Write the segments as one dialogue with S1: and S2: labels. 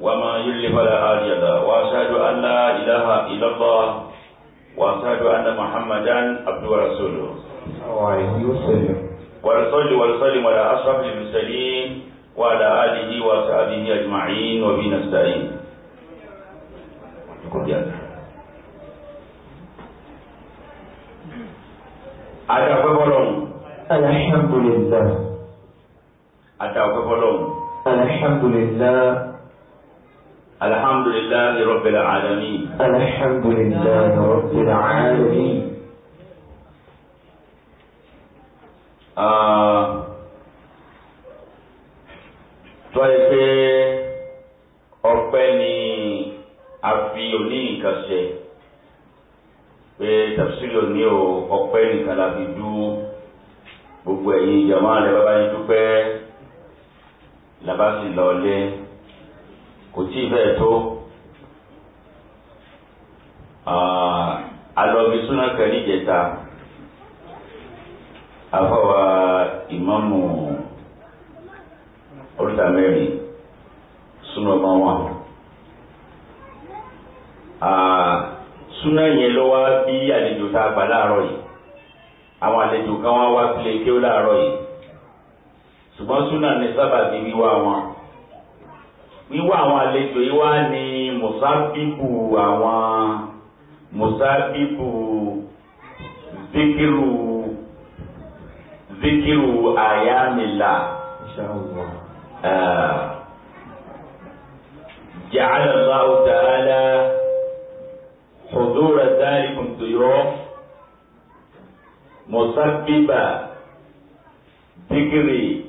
S1: وما يضلل فلا هادي له واشهد ان لا اله الا الله واشهد ان محمدا عبده ورسوله ورسول وسلم على اشرف المرسلين وعلى اله وصحبه اجمعين وبه نستعين Adakwe bọ́lọ́hún. Alhamdulillah. Adakwe bọ́lọ́hún. Alhamdulillah. الحمد لله رب العالمين الحمد لله رب العالمين tọ́yẹ pé ọpẹ́ ni a fi òní nǹkan ṣe pé tafsiri òní o ọpẹ́ nìkan la fi dú gbogbo ẹ̀yin ìjàmọ́ rẹ̀ bàbá yín dúpẹ́ làbá sì lọ lé kò tí ì bẹ́ẹ̀ tó alọ́bi súná kan níjẹta afọwà ìmáàmù oríta mẹ́rin súná ọmọ wọn súná yẹn ló wá bí àlejò tá a gbà láàárọ̀ yìí àwọn àlejò kan wá wá pílẹ̀ kí ó láàárọ̀ yìí ṣùgbọ́n súná ní sábà bí wíwá wọn wíwá àwọn àlejò yìí wá ní mùsábíbù àwọn mùsábíbù zikiru zikiru ayamila eh, ja'ala Allahu ta'ala hudura dhalikum duyuf musabbiba zikri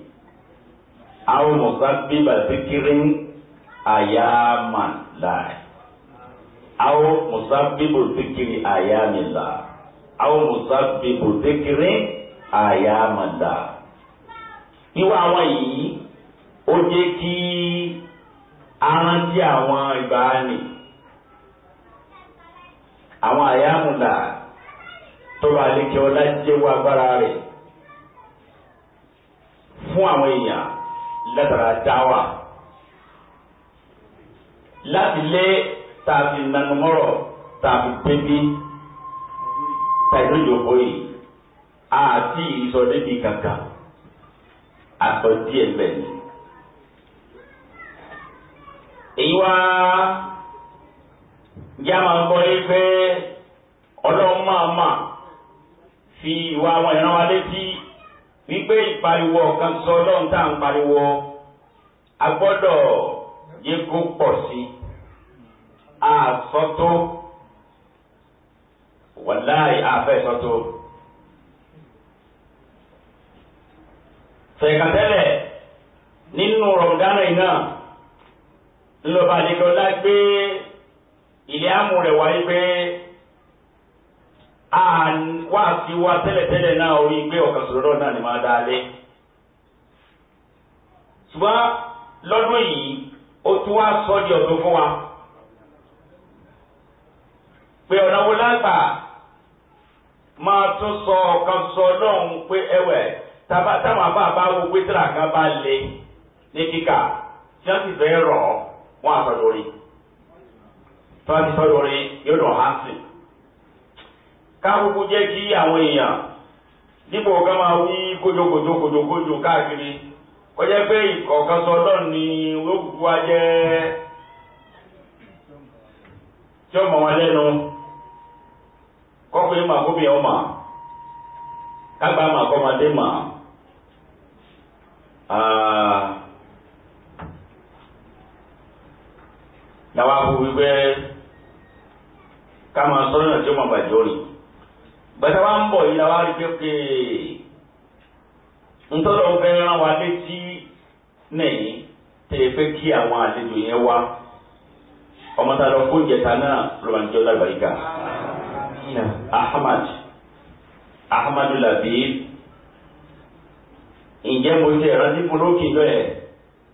S1: aw musabbiba zikrin ayaman lai aw musabbibu dhikri ayamillah Awo musabbibu dhikri ayaman lai wíwá àwọn yìí ó jẹ́ kí arántí àwọn ìbáraẹni àwọn àyàmùlà tọrọ àlejò je wa agbára rẹ̀ fún àwọn èèyàn látara dáwà láti lé tàbí nanumọ́rọ̀ tàbí débi tàbí yòókù yìí àti ìsọdébì kankan àtọ̀ díẹ̀ bẹ́ẹ̀ ni. èyí wá jáma ń kọ́ yín pé ọlọ́run máa mà fi ìwà àwọn ìran wa létí wípé ìpariwo ọ̀kan sọ ọlọ́run tá à ń pariwo a gbọ́dọ̀ yẹ kó pọ̀ sí i àsọtó wàláì àfẹ́ sọtó. fẹ̀kàtẹ́lẹ̀ nínú rọ̀mùdánù iná ńlọba àdìgbọ́lá gbé ilé àmú rẹ̀ wáyé pé wá sí wa tẹ́lẹ̀tẹ́lẹ̀ náà orí gbé ọ̀kan sọ̀rọ̀ náà ni máa dáa ṣùgbọ́n lọ́dún yìí ó tún wá sọ di fún wa. pé ọ̀nà wo lágbà máa tún sọ ọ̀kan sọ lọ́hùn pé ẹ̀wẹ̀ táwọn àbáàbá wo pétérà kan bá lé ní kíkà tí wọ́n sì fẹ́ rọ̀ ọ́ wọ́n ti yóò dùn jẹ́ kí àwọn èèyàn dípò ká máa ni kúkú wá jẹ́ kọkùnrin mà kóbi ọmọ kágbá mà kọmọdé na ah. làwọn akó wípé ká máa sọ lọ́nà tí ó máa bàjẹ́ òní gbẹ̀tà wa ń bọ̀ yìí làwọn arígbé pé ntọ́lọ́ fẹ́ rán wa létí nẹ̀yìn tẹ̀lé pé kí àwọn àlejò yẹn wá ọmọ tá a lọ fún ìjẹta náà ló máa ń jẹ́ ọ̀dà ìbàríkà ahmad ahmadu labib ǹjẹ́ mo ṣe ìrántí fúlókì bẹ́ẹ̀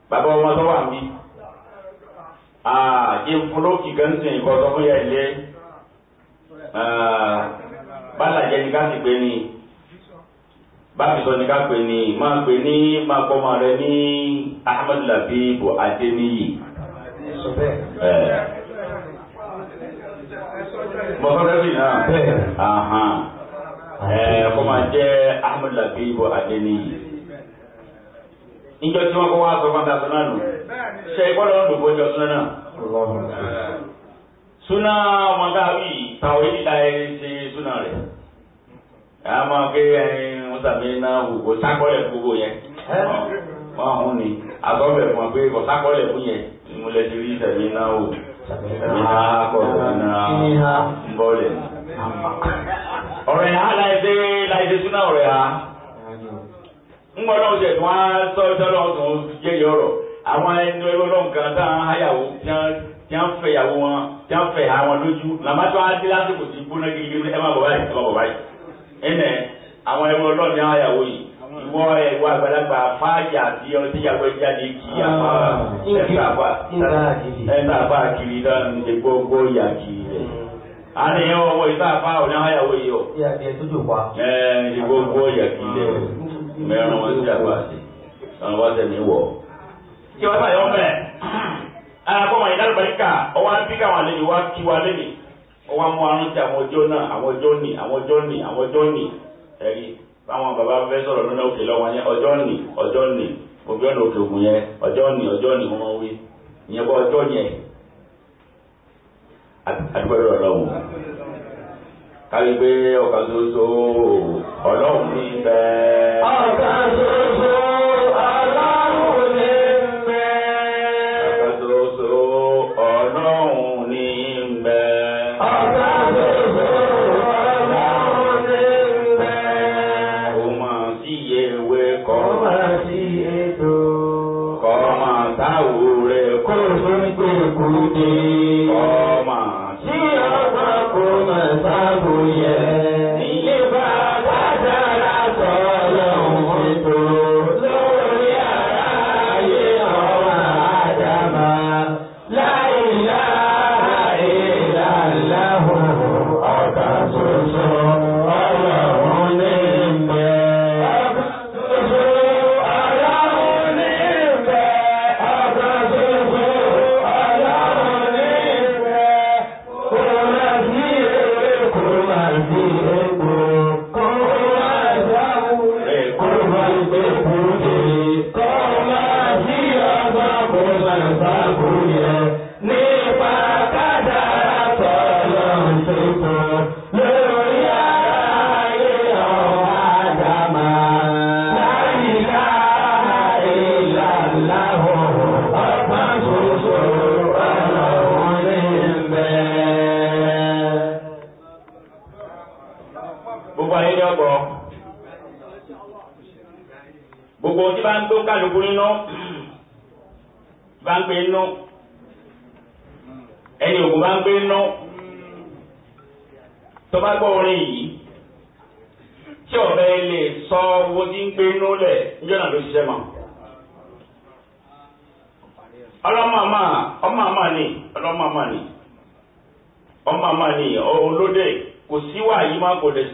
S1: bàbá ọmọ tó wà mí àjẹ fúlókì kan sì nǹkan tó fún yà ilé bálàjẹ ni ká sì pé ni bábìsọ ni ká pè ní máa pè ní máa pọ́ ọmọ rẹ ní ahmadu labib adeniyi. ẹ
S2: photography náà.
S1: bẹ́ẹ̀ kó máa jẹ́ ahmed labibu adeniyi. níjọ́ tí wọ́n kọ́ wá sọ fún dasọ náà nù ṣe ìgbọ́dọ̀ ọ̀dùn kó jọ súná náà. súná mọ̀tàbí tàwé níta ẹ ṣe súná rẹ̀. àmọ́ pé mùsàmì náà wò kó sákọ́lẹ̀ gbogbo yẹn. wọ́n hùn ní àtọ́bẹ̀ fún ọ pé kò sákọ́lẹ̀ fún yẹn. ìmúlẹ̀ ti rí sẹ̀mí náà wò. Kiniha bọ́ọ̀lì. Ọ̀rẹ́ ha láìsí láìsí súná ọ̀rẹ́ ha. Ń gbọ́dọ̀ ṣe tí sọ ìtọ́lọ́ ọ̀sán jẹ́yẹ ọ̀rọ̀. Àwọn ẹni ọlọ́run kan tá à ń háyàwó tí wọ́n fẹ́ ìyàwó wọn tí wọ́n fẹ́ àwọn lójú. Làmátọ́ á dé lásìkò tí gbóná gidigidi ẹ má bọ̀ báyìí ẹ má bọ̀ báyìí. Ẹnẹ̀ àwọn ẹni ọlọ́run ní háyàwó yìí ìwọ ìwọ àgbàlagbà fáàjà àti ọtíyàwó jáde kì í ah, àpá ẹgbà àpá kiri náà ń ṣe gbogbo ìyà kiri rẹ. a ah. ní ọwọ́ ìta àpá ọ̀nà àyàwó yìí ọ. ẹ ṣe gbogbo ìyà kiri rẹ mẹ́rin wọn sí àpá sí àwọn wá tẹ̀lé wọ̀. kí wọ́n báyọ̀ mẹ́ alákọ̀ọ́mọ̀ ìdálùbáríkà ọwọ́ ń bí káwọn àlejò wá kí wa lé mi ọwọ́ mú arúntì àwọn ọjọ́ náà àwọn ọjọ́ nì àwọn ọjọ́ nì àwọn ọjọ́ nì ẹ̀rí báwọn bàbá fẹ́ sọ̀rọ̀ lọ́nà òkè lọ́wọ́ yẹn ọjọ́ nì ọjọ́ nì òbí ọ̀nà òkè òkun yẹn ọjọ́ nì ọjọ́ nì wọ́n wí ìyẹn bọ́ ọjọ́ yẹn àdúgbò ọlọ́run kárí pé ọ̀kan so. ọlọ́run ní bẹ́ẹ̀. ọ̀kan ṣoṣo. منت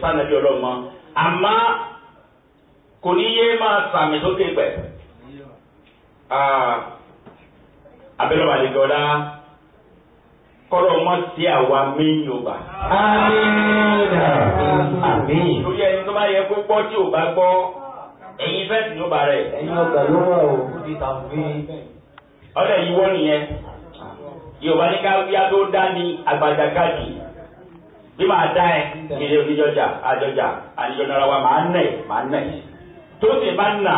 S1: sànàbí ọlọ́run mọ́ àmọ́ kò ní yé máa sàmì sókè pẹ̀ abẹ́rẹ́ wà lè gbọ́dá kọ́lọ́ mọ́ sí àwa mẹ́yìn ọba. amiina amiin. lórí ẹni tó bá yẹ kó gbọ́ tí ò bá gbọ́ ẹ̀yin fẹ́ẹ̀sì ló bá rẹ̀. ẹ̀yin ọgbà ló wà o. ọ̀dọ̀ yìí wọ́n nìyẹn yorùbá ní ká wíyá tó dá ní àgbàdàkadì. bí màá dá ẹ mi oníjọjà àjọjà wa màá nẹ màá nẹ tó sì bá nà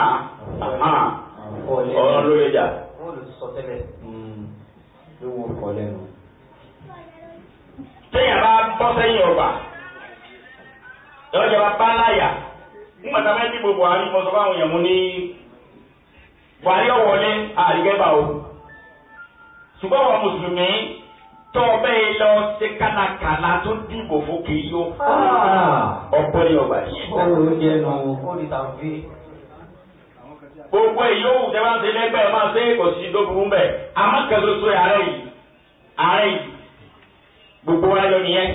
S1: á ọ̀rọ̀ ló lè téèyàn bá bọ́ sẹ́yìn ọba bá bá láyà nígbà tá a bá Buhari mo sọ fáwọn èèyàn mú ní Buhari tọ́ọ̀bẹ́ yìí lọ ṣe kálakàlà tó dìbò fún kì í yó. Ah. ọ̀pọ̀ ni ọgbà yìí. ọ̀rọ̀ ló jẹ́ nù ó ní tàn fi. gbogbo ìyóhùn tẹ máa ń ṣe lẹ́gbẹ̀ẹ́ máa ṣe kò sí tó bẹ́ẹ̀ àmọ́ kẹsọ́sọ ààrẹ yìí ààrẹ yìí gbogbo wa yọ nìyẹn.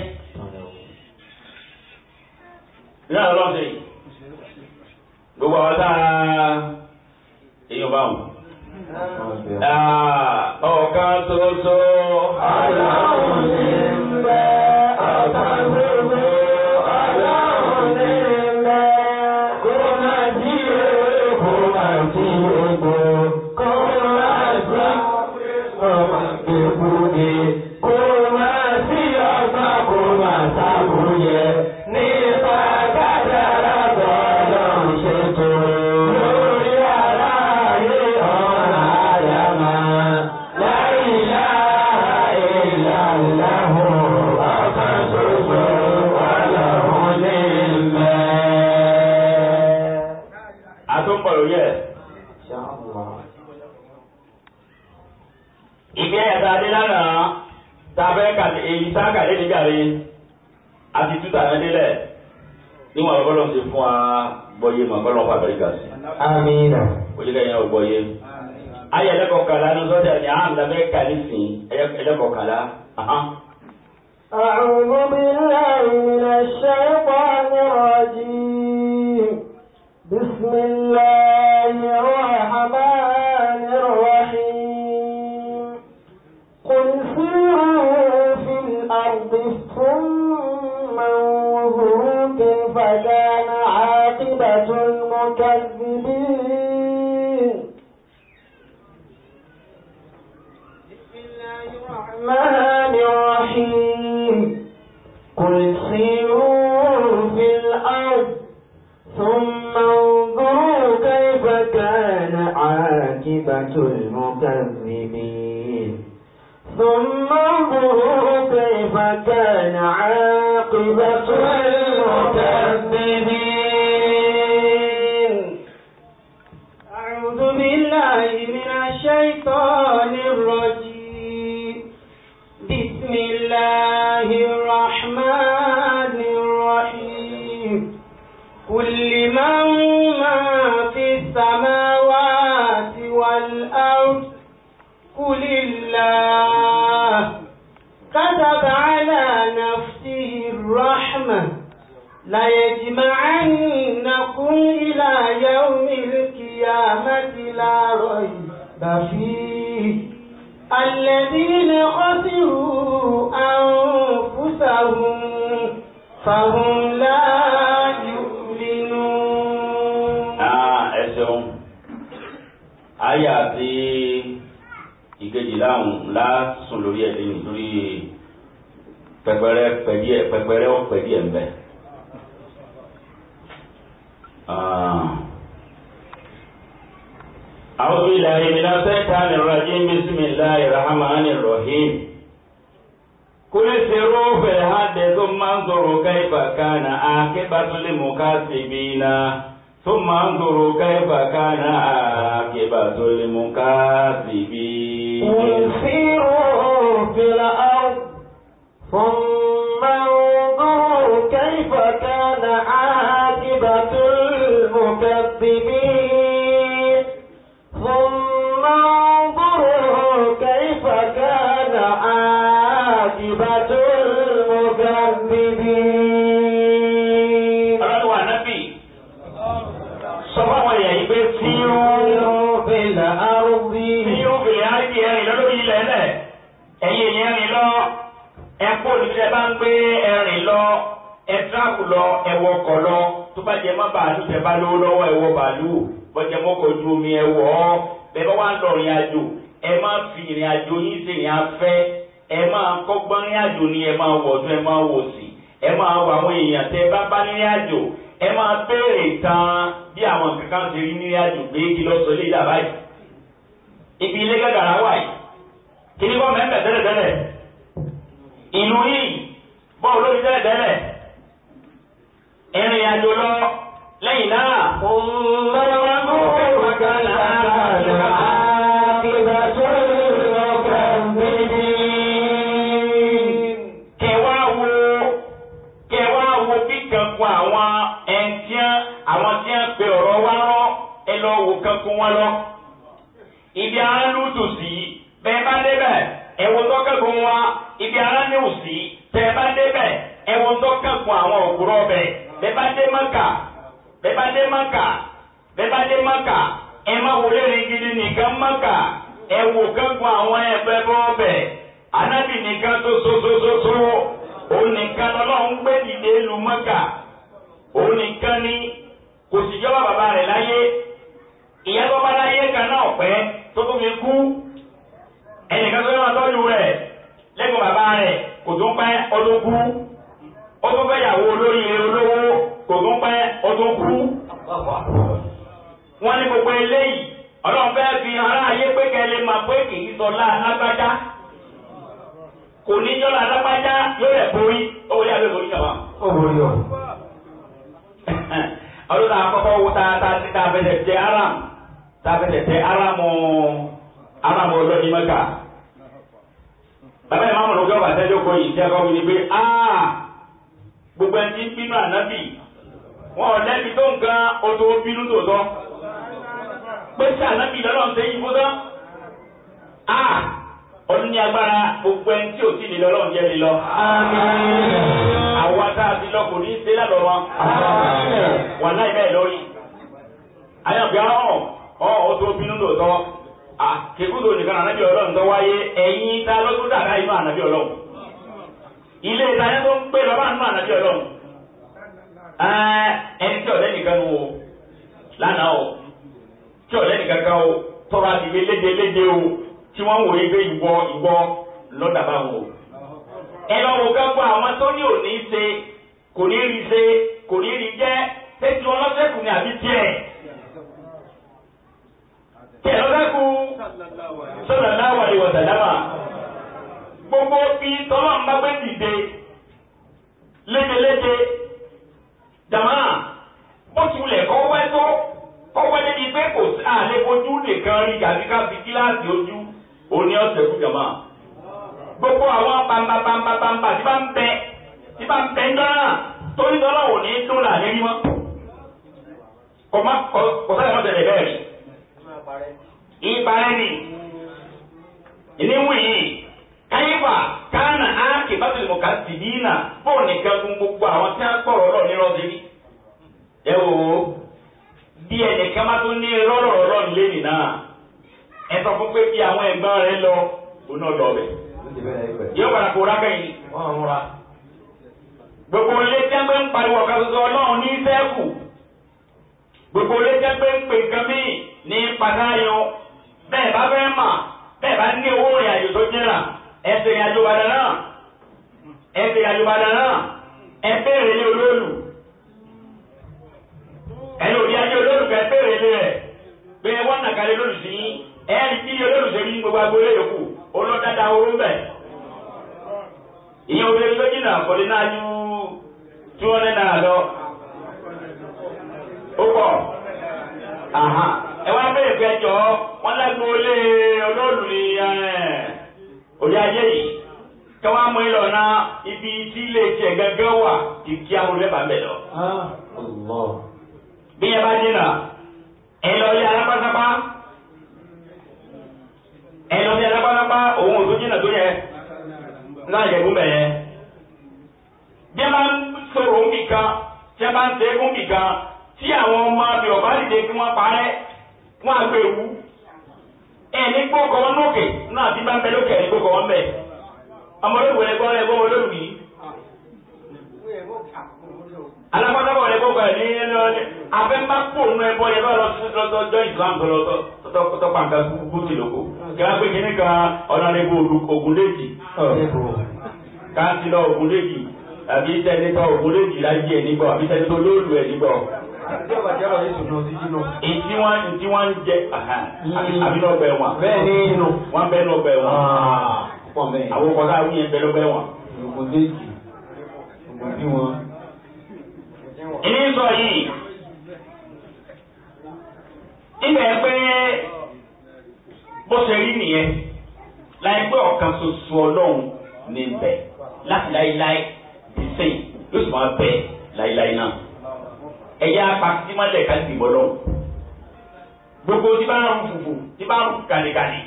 S1: ní àlọ́ lọ́sẹ̀ yìí gbogbo àwọn sáà èèyàn bá wọn. Ah, ọ̀kan ṣoṣo. Ọlọ́run ní ń bẹ ọ̀kan insha Allah. tabe ẹ̀ta dé lánàá tàbẹ́ kàlẹ́ èyí tá kàlẹ́ nígbàre àti tútà náà délẹ̀ níwọ̀n ọgọ́lọ́ ti fún wa gbọ́yé mọ̀ ọgọ́lọ́ fà bẹ́ẹ̀ gà sí. amiina. ya yẹn ò gbọ́yé. ayé ẹlẹ́kọ̀ọ́ kàlá ní sọ́jà ní àmì lábẹ́ kàlí
S2: أعوذ بالله من الشيطان الرجيم بسم الله الرحمن الرحيم قل سيروا في الأرض ثم عاقبة المكذبين بسم الله الرحمن الرحيم قل سيروا في الأرض ثم عاقبة المكذبين ثم انظروا كيف كان عاقبة المكذبين أعوذ بالله من الشيطان الرجيم بسم الله الرحمن الرحيم كل من ما في السماء لله كتب على نفسه الرحمة ليجمعنكم إلى يوم القيامة لا ريب فيه الذين خسروا أنفسهم فهم
S1: لا يؤمنون. آه أسهم. آياتي ìkejì láwùn lásùn lórí ẹ̀ lẹ́yìn lórí pẹpẹrẹ pẹdíẹ pẹpẹrẹ ó pẹdíẹ ń bẹ. Ah. àwọn bí láyé mi náà sẹ́ka ní rajim bisimilahi rahmani rahim kulisi rufe hade sun manzuru kaifa kana akibatul mukasibina sun manzuru kaifa kana akibatul mukasibina. قل
S2: سيروا في الأرض ثم انظروا كيف كان عاقبة المكذبين
S1: kó ní tẹ́ bá ń gbé ẹrìn lọ ẹ tíráàpù lọ ẹ wọkọ̀ lọ tó bá jẹ mọ́ bàálù tẹ́ bá lówó lọ́wọ́ ẹ wọ bàálù bọ́jẹ mọ́kọ̀ ojú omi ẹ wọ̀ ọ́ bẹ́ẹ̀ bá wà lọ ìrìn àjò ẹ máa fi ìrìn àjò yín sí ìrìn afẹ́ ẹ máa kọ́gbọ́n ìrìn àjò ni ẹ máa wọ̀ ọdún ẹ máa wò sí ẹ máa wọ àwọn èèyàn tẹ́ bá bá nílé àjò ẹ máa béèrè tán bí àwọn kankan ti rí nílé àjò gbé kí lọ́sọ̀ ilé ìdàbáyìí ibi ilé gàgàrà wà kí ni wọ́n mẹ́mẹ́ ìlú yìí bọ́ọ̀ lórí tẹ́lẹ̀tẹ́lẹ̀ ìrìn àjò lọ lẹ́yìn náà ó mú ànàbí ọlọ́run ilé ìtajà tó ń gbé lọ bá nínú ànàbí ọlọ́run ẹni tí ọ̀lẹ́ nìkan wò lánàá o tí ọ̀lẹ́ nìkan kan o tọrọ àdìgbé léde léde o tí wọ́n wòye pé ìwọ ìwọ lọ́dà bá wò. ẹ lọ wò kápọ̀ àwọn tó ní òní ṣe kò ní rí ṣe kò ní rí jẹ́ ètò ọlọ́sẹ̀kù ni àbí tiẹ̀ tiẹ̀ lọ́sẹ̀kù
S2: sallallahu alaihi wa sallama
S1: gbogbo bí tọ́lọ́n bá gbé dìde léjeléje jàmá bó ti wulẹ̀ kọ́ wẹ́ tó kọ́ wẹ́ débi pé kò sí àlẹ́ ojú nìkan rí gàbí ká fi kíláàsì ojú òní ọ̀sẹ̀ kú jàmá gbogbo àwọn bambabambabamba tí bá ń bẹ tí bá ń bẹ ń dáná torí tọ́lọ́ ò ní dún là lérí mọ́ kò má kò sáyẹn mọ́ tẹ̀lé bẹ́ẹ̀ rí ìparẹ́ ni ìníwì yìí káyíwà kánà áàkì bátìlì mọ̀ká sì bí nà bóò nìkan fún gbogbo àwọn tí wọ́n pọ̀rọ̀ ọ̀rọ̀ nírọ̀ sí rí. ẹ wò ó bí ẹnìkan má tún ní rọ́rọ̀ ọ̀rọ̀ nílé nì náà ẹ sọ fún pé bí àwọn ẹ̀gbọ́n rẹ lọ òun náà lọ bẹ̀. yóò padà kó rákẹ́yìn ni. gbogbo ilé tí wọ́n ń pariwo ọ̀ka tuntun ọlọ́run ní sẹ́ẹ̀kù gbogbo ilé tí wọ́n ń pè nǹkan míì ní pàtàyàn bẹ́ẹ̀ bá fẹ́ mà bẹ́ẹ̀ bá ní owó ìrìn àjò tó jẹ́ra ẹsẹ̀ ìyàjò bàdàn náà ẹsẹ̀ ìyàjò bàdàn náà ẹ bẹ̀rẹ̀ ní olóòlù ẹni òbí ajé olóòlù kẹ bẹ̀rẹ̀ ní rẹ̀ pé wọ́n nà kalẹ̀ olóòlù sí ẹ̀rí kí olóòlù ṣe ní gbogbo agboolé yòókù olódàdà oró bẹ̀ ìyẹn obìnrin tó jìnnà kọ́lé náà ju two hundred naira lọ ó pọ̀ ẹ wá bẹ̀rẹ̀ pé ẹjọ́ wọn olóòlù ni ẹ orí ayé yìí káwá mú ilẹ̀ ọ̀nà ibi tí ilé tiẹ̀ gángan wà kí amúlẹ̀ bá bẹ̀ lọ. bí yẹn bá dínà ẹ lọ ilé alápátápá ẹ lọ ilé alápátápá òun ò tó dínà tó yẹ náà yẹ gúnbẹ̀ yẹn. bí a máa ń sọ̀rọ̀ ń bì kan tí a máa ń sẹ́gun bì kan tí àwọn ọmọ abẹ ọ̀bá dìde kí wọ́n parẹ́ wọ́n á gbé ẹni gbókọ wọn lókè náà bí bá ń bẹ lókè ẹni gbókọ wọn bẹ ọmọlódù wẹlẹ gbọ́ ẹgbọ́ ọmọlódù yìí alákọ̀ọ́dọ́bọ̀ wẹlẹ gbọ́ ẹ̀ ní ẹni ọdẹ afẹ́ńbá kó nu ẹbọ yẹ bá lọ sí lọ́jọ́ ìsìlám tó lọ tọ́ pàǹkà kú ti lóko kíá pé kíní kan ọ̀nà rẹ̀ bó ogun léjì káàsì lọ ogun léjì àbí sẹ́ni tó ogun léjì lájì ẹ̀ nígbọ̀ àbí sẹ́ni tó lóòlù ẹ̀ nígbọ̀. Ìdí hmm. wọn ìdí wọn jẹ àbí náà bẹ wọn. Bẹ́ẹ̀ni inú. Wọ́n bẹ náà bẹ wọn. Ah, Àwọn ọkọ̀ náà wúyẹn bẹ náà bẹ wọn. Ògùn méjì. Ògùn bí wọn. Ilé sọ yìí. Ibẹ̀ pé bó ṣe rí nìyẹn láì pé ọ̀kan ṣoṣo ọlọ́run ní bẹ̀ láti láéláé ti sẹ́yìn yóò sì máa bẹ̀ láéláé náà ẹ̀yà apàtìmọ́lẹ̀ kan ti bọ́ lọ́wọ́ gbogbo tí bá ń rú fùfù tí bá ń rú kàlẹ́kàlẹ́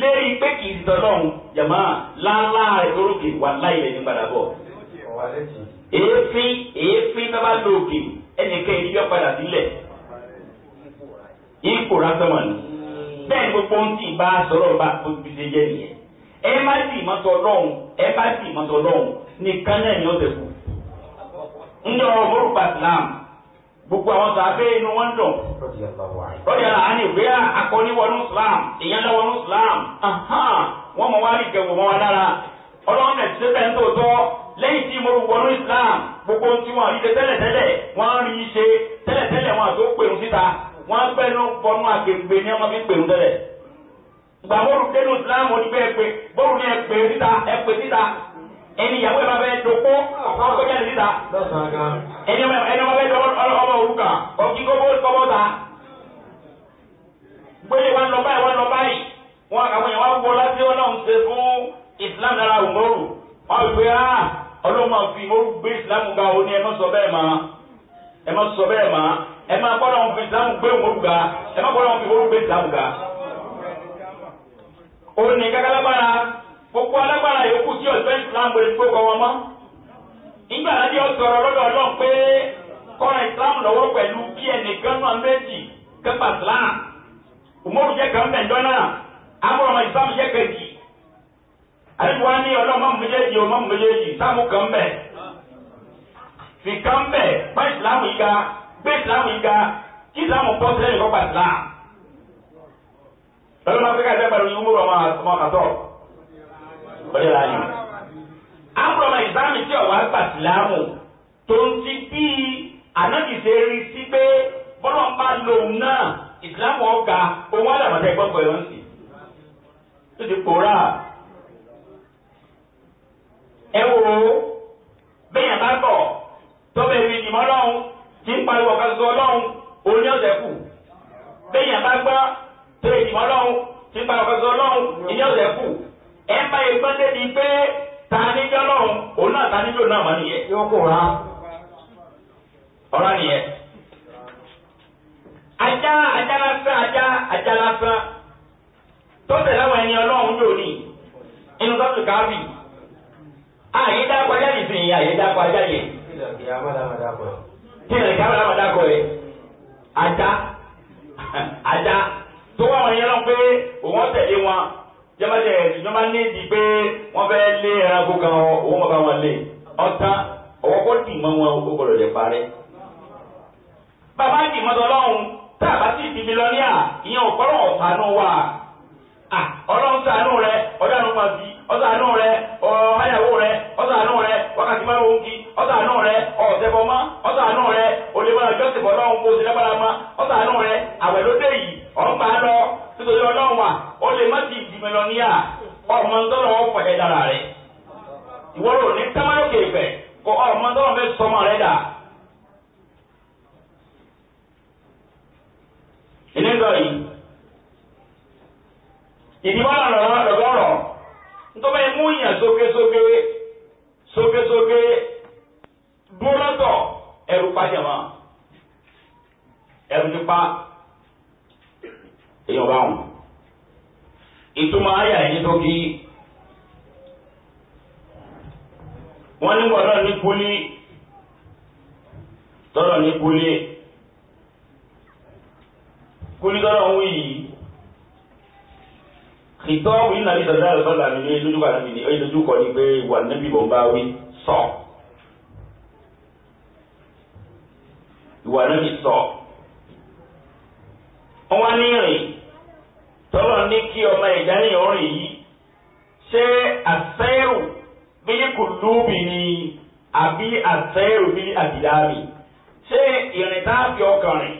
S1: lérí pé kì í ti tọ́lọ́hún jàmá láńlá rẹ̀ lórókè wà láyé ẹni padà bọ̀ èéfín èéfín tó bá lo òkè ẹnìkan èyí yọ padà sílẹ̀ ipò rásọ̀mọ̀ ni bẹ́ẹ̀ gbogbo ń tì bá sọ̀rọ̀ bá tóbi ṣe jẹ́ nìyẹn ẹ má tì mọ́tò ọlọ́run ẹ bá tì mọ́tò ọlọ́run nìkan náà ni ó tẹ̀ kù ń yọ ọmọ òrùka Islam gbogbo àwọn sàbẹ̀ inú wọn dùn. lọ́yà àní ìwé akọni wọnú islam ìyẹnlá wọnú islam wọ́n mọ̀ wá rí ìkẹwò mọ́ wa lára ọlọ́run náà ti sẹ́sẹ̀ ń lẹ́yìn tí mo wọnú islam gbogbo tí wọ́n rí ṣe tẹ́lẹ̀tẹ́lẹ̀ wọ́n rí i ṣe tẹ́lẹ̀tẹ́lẹ̀ wọn àti ó pèrú síta wọn bọnú àgbègbè islam onígbẹ́ ẹgbẹ́ bọ́ọ̀rù ni ẹgbẹ́ síta ẹgbẹ́ ẹni ìyàwó ẹ bá fẹ́ dopó kọjá ní síta ẹni ẹni ọba fẹ́ ọmọ òrùka ọkì kọ́bọ́ ta gbélé wa lọ báyìí wa lọ báyìí wọn àwọn èèyàn wa wọ láti wọn náà ń ṣe fún Islam lára òmòrù wọn wípé ah ọlọ́run máa fi òmòrù gbé Islam ga o ní ẹ má sọ bẹ́ẹ̀ mọ́ ẹ má sọ bẹ́ẹ̀ mọ́ ẹ má gbọ́dọ̀ fi Islam gbé òmòrù ga ẹ má gbọ́dọ̀ fi òmòrù gbé Islam ga. òun ní kákálábára gbogbo alágbára yòókù tí ọ̀sẹ̀ islam wẹ̀ gbó kọ́ wọn mọ́ nígbà tí ó sọ̀rọ̀ lọ́dọ̀ ọlọ́run pé kọ́ra islam lọ́wọ́ pẹ̀lú kí ẹnìkan náà méjì kẹ́pà islam umaru jẹ́ kan bẹ̀ jọ́nà amúrọ̀mọ islam jẹ́ kejì àdìwá ní ọlọ́run mọ́ méjèèjì o mọ́ méjèèjì sáàmù kan bẹ̀ fi islam yìí ga gbé islam yìí ga kí islam bọ́ sílẹ̀ yìí kọ́ pa islam ọmọ àtọ́ ọ̀dẹ́ra ni. àbúrọ̀mọ̀ ìsìlámù tí ọ̀wá gbà sílámù tó ń ti bí ànágìsẹ́ rí sí pé bọ́lá ń bá lòun náà ìsìlámù ọ̀gá òun àlàmọ̀tẹ́ gbọ́gbọ́ ẹ̀rọ ń sì. tó ti pòórá. ẹ wo bẹ́ẹ̀ yẹn bá bọ̀ tọ́bẹ̀ mi ìmọ̀ ọlọ́run ti ń pariwo ọ̀gá gbogbo ọlọ́run òun ní ọ̀sẹ̀ kù bẹ́ẹ̀ bá gbọ́ tọ́bẹ̀ ìmọ̀ ọlọ́run ti ń pariwo ọ̀gá gbogbo ọlọ́run ìní ọ̀sẹ̀ kù ẹ má yẹ gbọ́n débi pé tanijọ́ lọ́hùn òun náà tanijọ́ náà mọ̀ nìyẹn. yóò kó ra. ọ̀rọ̀ nìyẹn. ajá ajá lásán ajá ajá lásán tó tẹ̀lé àwọn ẹni ọlọ́run yóò ní inú sọ́tù káfí. àyè dáko ajá yìí sìn àyè dáko ajá yìí. kí ni kí á má dáko dáko yẹ. ajá ajá tó wà wọn yẹn lọ pé òun tẹ̀lé wọn. jọmọdé ìjọba ní ìdí pé wọ́n fẹ́ lé ẹranko kan owó wọn bá wọn lé ọtán ọwọ́ kó dì mọ́ wọn ó gbọ́dọ̀ lè parẹ́. bàbá dì mọ́tò ọlọ́run tá a bá sì di mílíọ̀nìyà ìyẹn ò gbọ́dọ̀ ọ̀sánú wa ọlọ́run ṣàánú rẹ ọ̀dàánú pàṣí ọ̀sánú rẹ ọ̀háyàwó rẹ ọ̀sánú rẹ wákàtí máa ń kí ọ̀sánú rẹ ọ̀sẹ̀bọ̀mọ́ ọ̀sánú rẹ olè ọgbà lọ nítorí ọlọ́run wa ó lè má ti ìdìmọ̀ lọ níyà ọmọ ntọ́nà fọ̀ rẹ̀ ìwọ́rọ̀ ní támánókè ìfẹ́ kọ ọmọ ntọ́nà fẹ́ sọmọ rẹ̀ dà. yìí ìdìbò àlọ́ ntọ́ba mú ìyàn dúró lọ́tọ̀ pàjẹ́ nípa. èyí ọba wọn ìtumọ̀ ayà yìí tó kí wọ́n ní wọ́n náà ní kúlí tọ́lọ̀ ní kúlí kúlí tọ́lọ̀ ń wí yìí ìtọ́ wí nàbí sọ̀rọ̀ àlùbọ́là mi ní lójú kan níbi ní ẹ̀yìn lójú kan ní pé wà níbi bọ̀ wí sọ ìwà náà ti sọ wọ́n wá ní rìn tọ́lọ̀ ní kí ọmọ ẹ̀dá ní ọ̀rìn yìí ṣé àṣẹ́rù bílíkù lúbi ni àbí àṣẹ́rù bílí àbídámi ṣé ìrìn tá a fi ọkàn rìn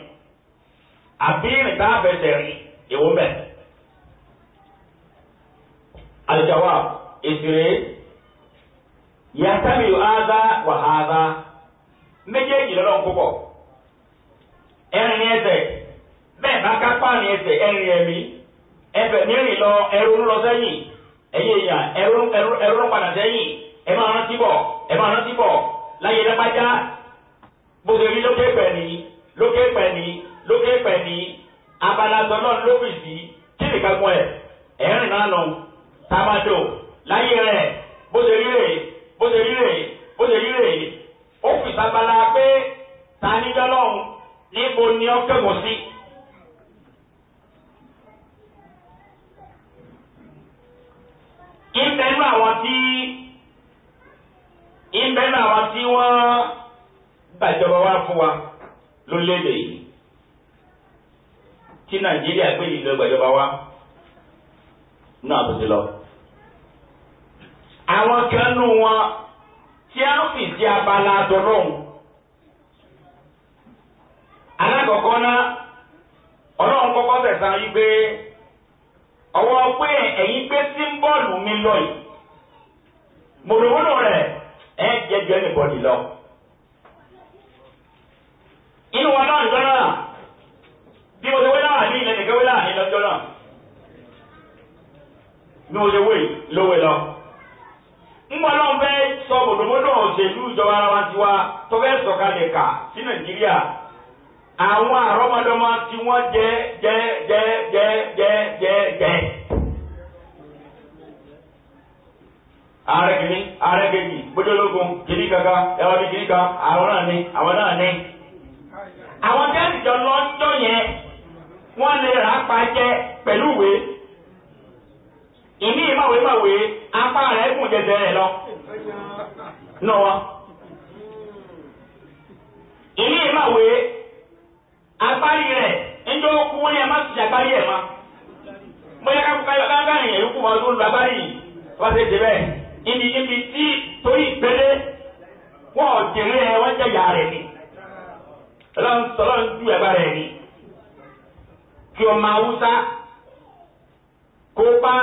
S1: àbí ìrìn tá a fẹsẹ̀ rìn èwo bẹ̀. àlùjáwà ìṣeré yàtàmì ọ̀hádá wàhádá méjèèjì lọ́dọ̀ púpọ̀ ẹ̀rìn ẹsẹ̀ bẹ́ẹ̀ bá kápá ní ẹsẹ̀ ẹ̀rìn ẹ̀mí ẹbẹ̀ mìíràn lọ ẹrú ń lọ sẹ́yìn ẹ̀yìn èèyàn ẹrú ẹrú ẹrú ń padà sẹ́yìn ẹ máa rántí bọ̀ ẹ máa rántí bọ̀ láyé lápájá bó ṣe rí lókè pẹ̀ ní lókè pẹ̀ ní lókè pẹ̀ ní abala tọ́lọ́ lófìsì kí nìkan kún ẹ̀ ẹ̀rìn náà lọ tábàdò láyé rẹ̀ bó ṣe rí rè bó ṣe rí rè bó ṣe rí rè ó fi sábàlá pé ta ní jọlọ́run níbo ni ó kẹ́kọ̀ọ́ sí. ìbẹ́nu àwọn tí ìbẹ́nu àwọn tí wọ́n bàjọba wá fún wa lórílẹ̀‐èdè yìí tí nàìjíríà gbé yìí lọ gbàjọba wá náà tó ti lọ. àwọn kan nù wọn tí a ń fi sí abala dọ́lọ́hún alákọ̀ọ́kọ́ náà ọlọ́run kọ́kọ́ tẹ̀sán yí pé. ọwọ́ pé ẹ̀yìn gbé símbọ́ọ̀lù mi lọ yìí rẹ rẹ̀ ẹ̀ jẹjẹ lọ. inú wa náà nìjọ bí mo ṣe wé láàrin ilẹ̀ nìkan wé láàrin lọ. náà sọ òṣèlú ìjọba ara wa tó fẹ́ sọ̀kalẹ̀ kà sí àwọn àrọ́mọdọ́mọ tí wọ́n jẹ́ jẹ́ jẹ́ jẹ́ jẹ́ jẹ́ jẹ́. ààrẹ kìíní ààrẹ kejì bójúlógún kìíní kankan ẹwà bíi kìíní kan àwọn náà ní àwọn náà ní. àwọn jáde lọ́jọ́ yẹn wọ́n lè rà á pa jẹ́ pẹ̀lú ìwé ìní ìmàwé màwé apá rẹ̀ gùn jẹjẹ rẹ̀ lọ. nọ wa agbárí rẹ̀ ńjọ́ kú wọ́n ní ẹ má ti agbárí ẹ̀ ma bóyá káńkà yẹn yókù wọn ló lu agbárí yìí wọ́n ti dè bẹ́ẹ̀ ibi ibi tí torí ìpele wọ́n jẹ̀rẹ̀ ẹ̀ wọ́n jẹ̀ yà rẹ̀ ni ọlọ́run tọ́lọ́run ju ẹ̀gbá rẹ̀ ni kí ọmọ awúsá kó bá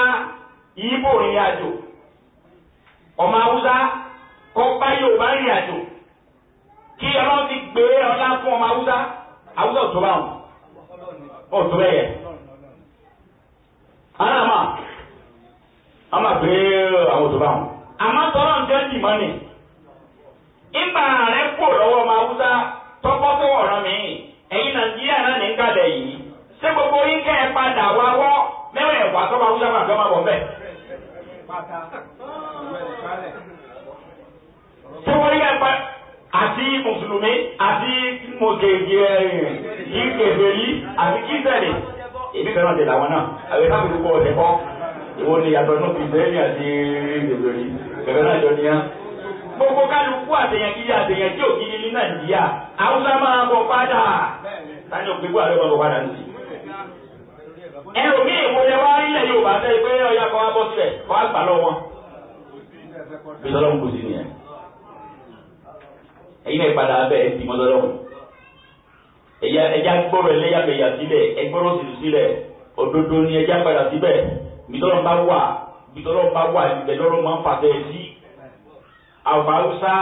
S1: yíbò rìn àjò ọmọ awúsá kó bá yorùbá rìn àjò kí ọlọ́run ti gbé ọlá fún ọmọ awúsá. awúsá ọ̀tọ̀ bá wọn Ana ama. ara àmà àmà pé àwọn ọ̀tọ̀ bá wọn. àmọ́ ọmọ awúsá tọ́kọ́ tó ọ̀ràn mi ẹ̀yin na yìí gbogbo ike kẹ́ ẹ awọ mewe àti mùsùlùmí àti mọ̀gègè yìí kèfè yìí àti kíntẹ̀lì èmi fẹ́ràn ọ̀dẹ̀ làwọn náà àwẹ̀ káfí gbogbo ọ̀dẹ̀ kọ́ ìwọ ni yàtọ̀ inú kìtẹ́lì àti kèfè yìí kẹfẹ́ náà jọ nìyà. gbogbo kálukú àtẹ̀yàn kiri àtẹ̀yàn tí òkì ní nàìjíríà haúsá máa bọ̀ padà tani òkè gbọ́ àlọ́ bọ̀ padà nìyí.
S2: ẹrù mi ìwọlé wa
S1: ilẹ̀ Yorùbá fẹ́ pé ọ̀yà kan wá bọ́ sílẹ̀ kọ́ àgbà ẹ̀yin náà padà bẹ̀ ẹ̀ dìmọ́ lọ́lọ́run ẹ̀yà ẹ̀yà gbọ́rọ̀ ẹlẹ́yàmẹ̀yà sílẹ̀ ẹgbọ́rọ̀ sì sílẹ̀ òdodo ni ẹ̀yà padà síbẹ̀ bitọ́lọ́ bá wà bitọ́lọ́ bá wà ibẹ̀ lọ́rọ̀ máa ń fàtẹ́ sí àwọn haúsá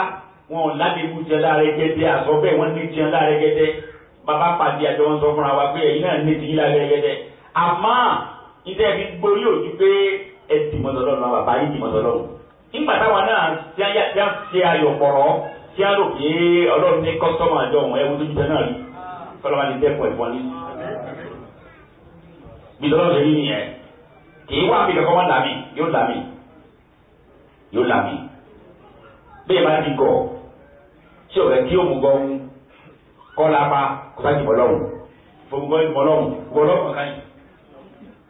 S1: wọn ò ládìkú jẹ láàrẹ gẹ́gẹ́ àsọ bẹ́ẹ̀ wọ́n ní jẹ láàrẹ gẹ́gẹ́ bàbá pàdé àjọ wọn sọ fúnra wa pé ẹ̀yin náà ní ti yín láàrẹ gẹ́gẹ́ àmọ́ ìdẹ́ fi gborí òjú pé ẹ dìmọ̀tọ̀lọ́run bàbá yín dìmọ̀tọ̀lọ́run nígbà táwọn náà ti ṣe ayọ̀ tí a rò pé ọlọ́run ní kọ́sọ́mù àjọ òun ẹ̀wọ́n tó jíjẹ náà rí fọlọ́wọ́n ti dẹ́kun ẹ̀fọn ní. bí tọ́lọ́ ṣe rí nìyẹn kì í wá mi kankan wá làmì yóò làmì yóò làmì bẹ́ẹ̀ máa di gọ̀ tí ọ̀rẹ́ tí ó mú gan kọ́lá pa kó bá jùmọ̀ lọ́rùn fòmùgọ́ ìmọ̀ lọ́rùn wọ́lọ́gbọ̀n kan yìí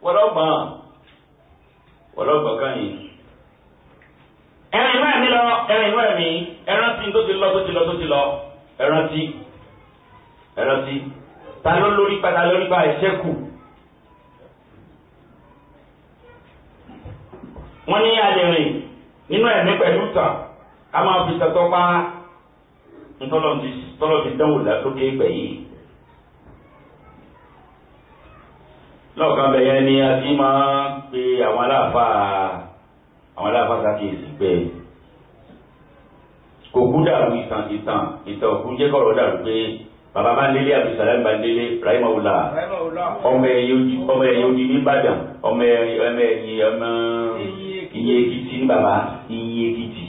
S1: wọ́lọ́gbọ̀n wọ́lọ́gbọ̀n ẹran inú ẹ̀mí lọ ẹran inú ẹ̀mí ẹran tí tó ti lọ tó ti lọ tó ti lọ ẹran tí ẹran tí ta ló lórí pa ta lórí pa ẹ̀ṣẹ́ kù. wọ́n ní àlèrè nínú ẹ̀mí pẹ̀lú tàn ká máa fi tọ́tọ́ pa ntọ́lọ́ fi dánwò lókè pẹ̀ yìí. lọ́ọ̀kan bẹ̀yẹn ni a ti máa ń pe àwọn aláàfáà àwọn aláfàtà kìí bẹ́ẹ̀ kò kú dàrú ìtàn ìtàn ìtàn òkú jẹ́ kọ̀rọ̀ dàrú pé bàbá máa ń délé abdulsalam máa ń délé rahimahullah ọmọ ẹ̀yìn ojì ọmọ ẹ̀yìn ojì ní Ìbàdàn ọmọ ẹ̀yìn ọmọ ẹ̀yìn ọmọ iye Èkìtì ní bàbá iye Èkìtì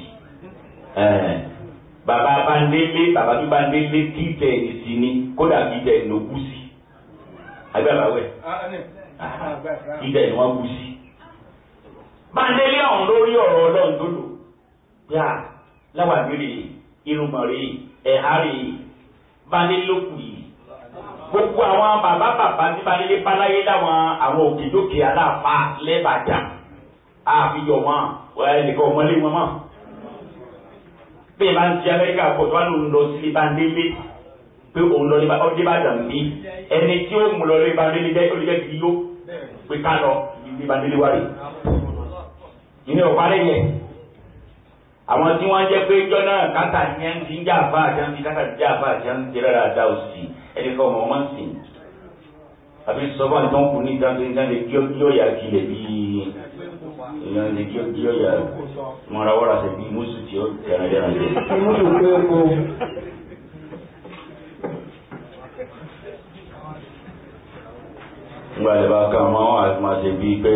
S1: bàbá Bándélé bàbá tó Bándélé kí tẹ̀ ẹ̀ sí ni kódà kí tẹ̀ ẹ̀ ló kù sí àgbẹ̀ àbáwẹ̀ kí tẹ̀ ẹ̀ ni wọ́n kù sí báńdélé ọ̀hún lórí ọ̀rọ̀ ọlọ́run tó lò pé à láwàgbére irunmọ̀ rè ẹ̀há rè báńdélé ló kù yìí gbogbo àwọn bàbá bàbá tí báńdélé báláyé láwọn àwọn òkèdókè aláàfáà lẹ́bàjá àfihàn wọn ẹnìkan ọmọlé wọn mọ́ bí ìbá ń ti amẹ́ríkà pọ̀ tó wà lóun lọ sí báńdélé pé òun lọ ọdẹ́bàdàn bí ẹni tí ó mú lọ lé báńdélé jẹ́ olùjẹ́ kìí yó pé ká lọ ìdí báńdélé wáyé ìyẹn ò parí yẹn àwọn tí wọ́n jẹ́ pé ìjọ náà kátà yẹn ti ń jà bá àti àti kátà jà bá àti àti ti rárá dá òsì ẹni kan ọmọ ọmọ sìn àbí sọfà tó ń kú ní ìdájọ́ ìdájọ́ kí ó kí ó yà kílẹ̀ bíi èèyàn ní kí ó kí ó yà mọ́ra wọ́ra ṣe bíi mùsù tí ó tẹ̀rẹ̀ yẹn jẹ. mùsù pé kó. máa wà á ti máa ṣe bíi pé.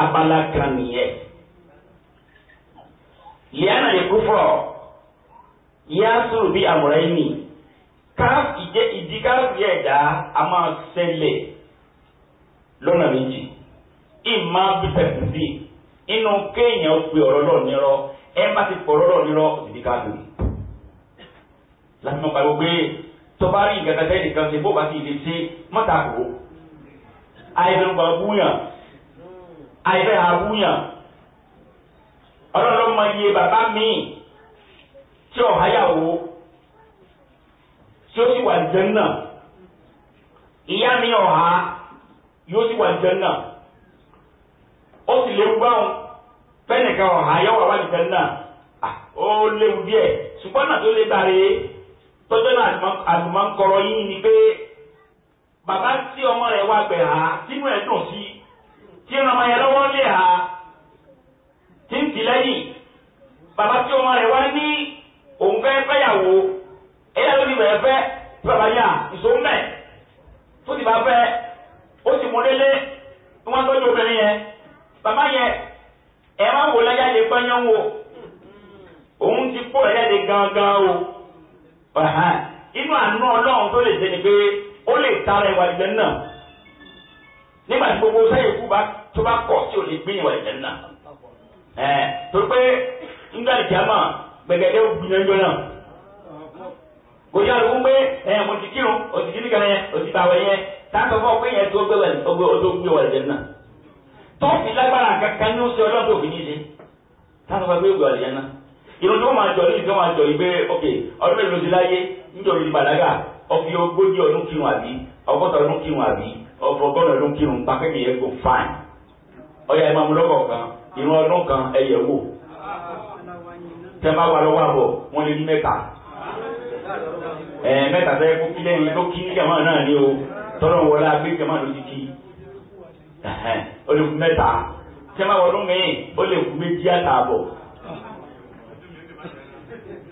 S1: abala kan nìyẹn liana le kufrọ yasuru bi amuraini káàfì jẹ ìdí káàfì ẹ̀dá a máa ṣẹlẹ̀ lọ́nà méjì ìmá bí tẹ̀sí inú kéèyàn pe ọ̀rọ̀ lọ nírọ́ ẹ bá ti pọ̀ lọ́rọ̀ nírọ́ òdìdí káàfì láti mọ̀ pariwo pé tọ́ba rí nǹkan kan ṣe bó bá ti lè ṣe mọ́ta kò àìsàn gbàgbúyàn. àìfẹ́ àbúyàn ọlọ́run mọ iye bàbá míì tí ọ̀há yàwó tí ó sì wà jẹ́nà ìyá mi ọ̀há yóò sì wà jẹ́nà ó sì léwu báwọn fẹ́nìkan ọ̀há yóò wà jẹ́ jẹ́nà ó léwu díẹ̀ ṣùgbọ́n náà tó tọ́jọ́ náà àdùmọ̀ ń kọrọ yín ni pé bàbá tí ọmọ rẹ̀ gbẹ̀ há sínú ẹ̀ dùn sí i. tí ń rọmọ yẹn lọ́wọ́ lé ha tí ń tì lẹ́yìn bàbá tí ọmọ rẹ̀ wá ní òun fẹ́ fẹ́yàwó ẹ̀yà ló ti bẹ̀rẹ̀ fẹ́ tí bàbá yà ìṣó ń bẹ̀ tó ti bá fẹ́ ó sì mú délé tí wọ́n tọ́jú obìnrin yẹn bàbá yẹn ẹ̀ máa wò láyà lè gbọ́nyán wo òun ti kó ẹ̀yà lè gangan o inú àánú ọlọ́run tó lè ṣe ni pé ó lè tara ìwà ìgbẹ́ náà nígbà tí gbogbo sẹ́yìn kú bá tó bá kọ̀ tí ò ní gbìyànjú ẹ̀ pé nígbà gbẹ̀gẹ̀dẹ̀ gbìyànjú náà kò yá pé ẹ̀ mo ti kírun o ti kí nìkan yẹn o ti bàwẹ̀ yẹn táàtọ̀ fún ọ pé yẹn tó gbé wẹ̀ tó gbé tó fi lágbára kankan ní oṣù ọlọ́dún òfin yìí ṣe fún ọ pé gbé wẹ̀ àlìjẹ́ nà máa jọ ní ìfẹ́ máa jọ ìgbé ok ọdún mélòó ti láyé nítorí ogójì ọdún kírun àbí ọgọ́ta ọdún kírun àbí ọdún kírun pàkẹ́kẹ́ yẹn ọ̀yà ẹ̀ máa mú lọ́kọ̀ kan ìran ọdún kan ẹ̀yẹ̀ wò tẹ́ bá wà lọ́wọ́ àbọ̀ wọ́n lè ní mẹ́ta ẹ̀ mẹ́ta tẹ́ kó kí lẹ́yìn tó kí jàmá náà ní o tọ́lọ̀ wọlé agbé jàmá ló ti kí ó lè kú mẹ́ta tẹ́ bá wà ọdún mi ó lè kú méjì àtààbọ̀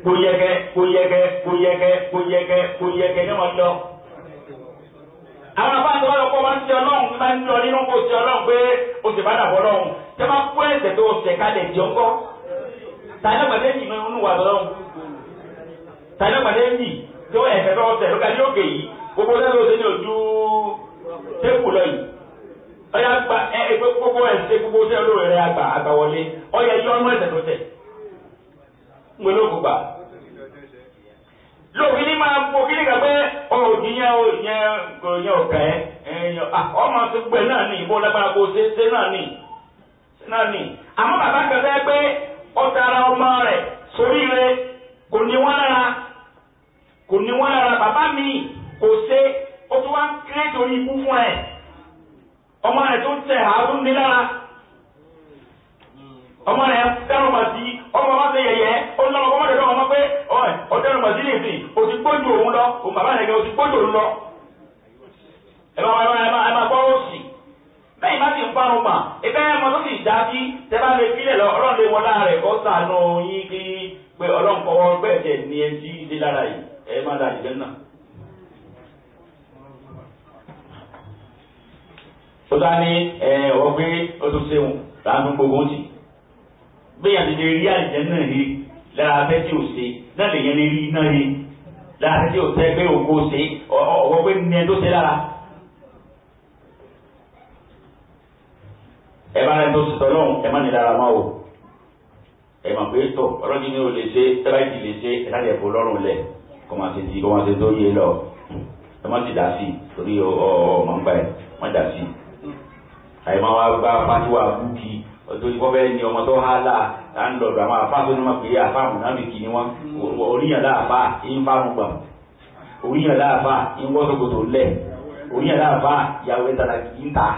S1: kó yẹkẹ kó yẹkẹ kó yẹkẹ kó yẹkẹ kó yẹkẹ ní wọn lọ àwọn afáàní wọn lọ́kọ́ wọn ti ọlọ́run ní máa ń lọ nínú kó ti ọlọ́run pé o sì bàdà bọ́ lọ́run tí wọ́n kó ẹ̀sẹ̀ tó ṣẹ̀ kalẹ̀ jẹ́ ńkọ́ tàyẹ̀ gbàdé yìí máa ń wà lọ́run tàyẹ̀ gbàdé yìí tó ẹ̀sẹ̀ tó ṣẹ̀ lóka ní òkè yìí gbogbo lẹ́nu oṣù ní ojú tẹ́kù lọ yìí ọ̀yà gba ẹgbẹ́ gbogbo ẹ̀sẹ̀ gbogbo ṣẹ́ olóore rẹ̀ àgbà àgbà wọlé ọ̀yà yọ ọmọ ẹ̀sẹ̀ tó ṣẹ̀ ń lóbi máa bo kí ni kà pé ọ ìyẹn o ìyẹn kò yẹn ò kẹ ẹ ọmọ gbẹ náà ní ìbò lágbára kó ṣe ṣe náà ní ṣe náà àmọ́ bàbá kan pé ara ọmọ rẹ̀ sórí rẹ̀ kò ní wọ́n lára mi kò ṣe ó wá ń torí fún ọmọ rẹ̀ tó ń tẹ̀ ọmọ rẹ dẹrù mà sí ọmọ bá ṣe yẹ̀yẹ́ ó ń lọ́mọ kọ́mọdé lọ́wọ́ wọn pé ọ dẹrù mà sí nìsín o ti gbójú òun lọ o bàbá rẹ kẹ o ti gbójú òun lọ. ẹ máa ẹ máa ẹ máa gbọ́ òsì bẹ́ẹ̀ bá ti ń parun mà ẹgbẹ́ ẹ máa tó sì dá sí tẹ́ bá lè filẹ̀ lọ ọlọ́run lè wọlá rẹ̀ kó sànù yín kí pé ọlọ́run kọ́wọ́ bẹ́ẹ̀ tẹ̀ ní ẹ sí ilé lára yìí ẹ má da ìjẹ́ náà. ó dá ní ẹ̀ ọ̀gbìn ó tún ṣeun láàánú gbogbo ti bẹ́ẹ̀ àti lè rí àlìjẹ́ náà rí lára abẹ́ tí ò ṣe náà lè yẹn lè rí iná rí lára abẹ́ tí ò ṣe pé òkú ṣe ọ̀wọ́ pé ní ẹ tó ṣe lára. ẹ bá rẹ tó ṣe tọ́lọ́hún ẹ má ní lára máa wò ẹ mọ̀ pé tọ̀ ọlọ́jì ni o lè ṣe tẹ́láìtì lè ṣe ẹ̀ láti ẹ̀kọ́ lọ́rùn lẹ̀ kọ́ máa ṣe ti kọ́ máa ṣe tó yé lọ ẹ má ti dà sí torí ọ̀ ọ̀ ọ̀ máa ń bá ẹ má dà sí àyè máa wá gbá fásiwá búkì ọdún ìkọ́ bẹ́ẹ̀ ni ọmọ tó há là à ń lọ̀dọ̀ àwọn àfa tó ní wọn pé àfa mùnàmìkì ni wọn oríyàn láàfa ń fa mu gbàm oríyàn láàfa ń wọ́ sókòtò lẹ̀ oríyàn láàfa ìyàwó ẹ̀ tàdà kì í ta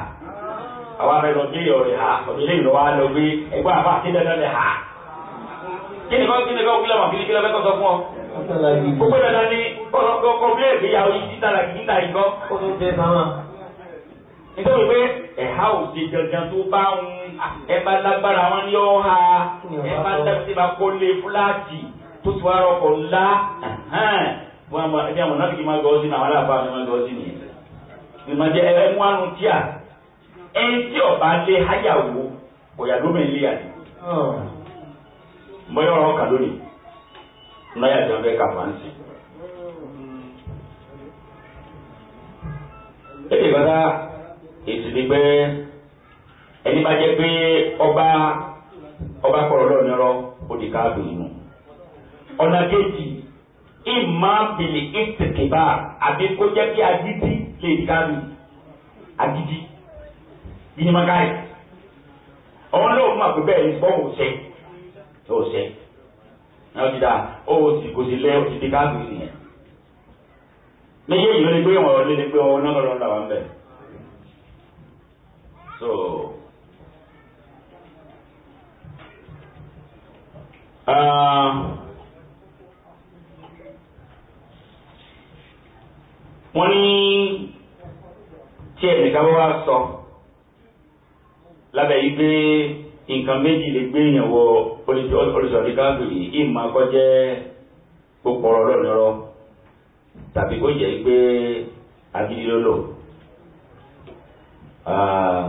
S1: àwọn afẹ́lọ gbé ọ̀rẹ́ ha ọ̀dọ̀ ilé ìlọ́wọ́ lọ gbé ẹgbẹ́ àfa kí dandan lẹ̀ ha kí ni kọ́ kí ni kọ́ kí lọ́mọ kí ni kí nítorí pé ẹ̀há òde gangan tó bá ń ẹ bá lágbára wọn ní ọ̀ha ẹ bá dábìtì bá kó lé fúláàtì tó ti wá rọkọ̀ ńlá wọn bá ẹni àwọn náà kì í máa gọ́ọ́sì náà wọn náà bá mi máa gọ́ọ́sì nìyẹn ìmọ̀jẹ ẹ mú àánú tíà ẹni tí ọba lé háyàwó ọ̀yà lómi lé àná oh. mọ́yọ́ ọ̀rọ̀ kà lónìí náyà jẹ́ ọ̀bẹ kà fáǹsì. Ee, bàtà. ezigbo ni pé ẹni bá jẹ́ pé ọba ọba kọ̀rọ̀ lọ́ọ̀ ima ó di káàbù inú. ọ̀nà kejì ìmọ̀ bìlì ìtìkìbà agidi kó jẹ́ kí agídí lè di káàbù agídí ìnìmọ̀káì ɔtita lóò mú àpò bẹ́ẹ̀ ka bọ́ọ̀mù ṣe tó ṣe náà ti dà ó sì kò sí so um, wọ́n ní tí ẹnìkan bá wá sọ lábẹ́ yìí pé nǹkan méjì lè gbé ìyànwó olùsọ̀rí káàkiri ìmọ̀ akọ́jẹ́ púpọ̀ ọlọ́nirọ́ tàbí kó jẹ́ pé agídí ló lò. Ah,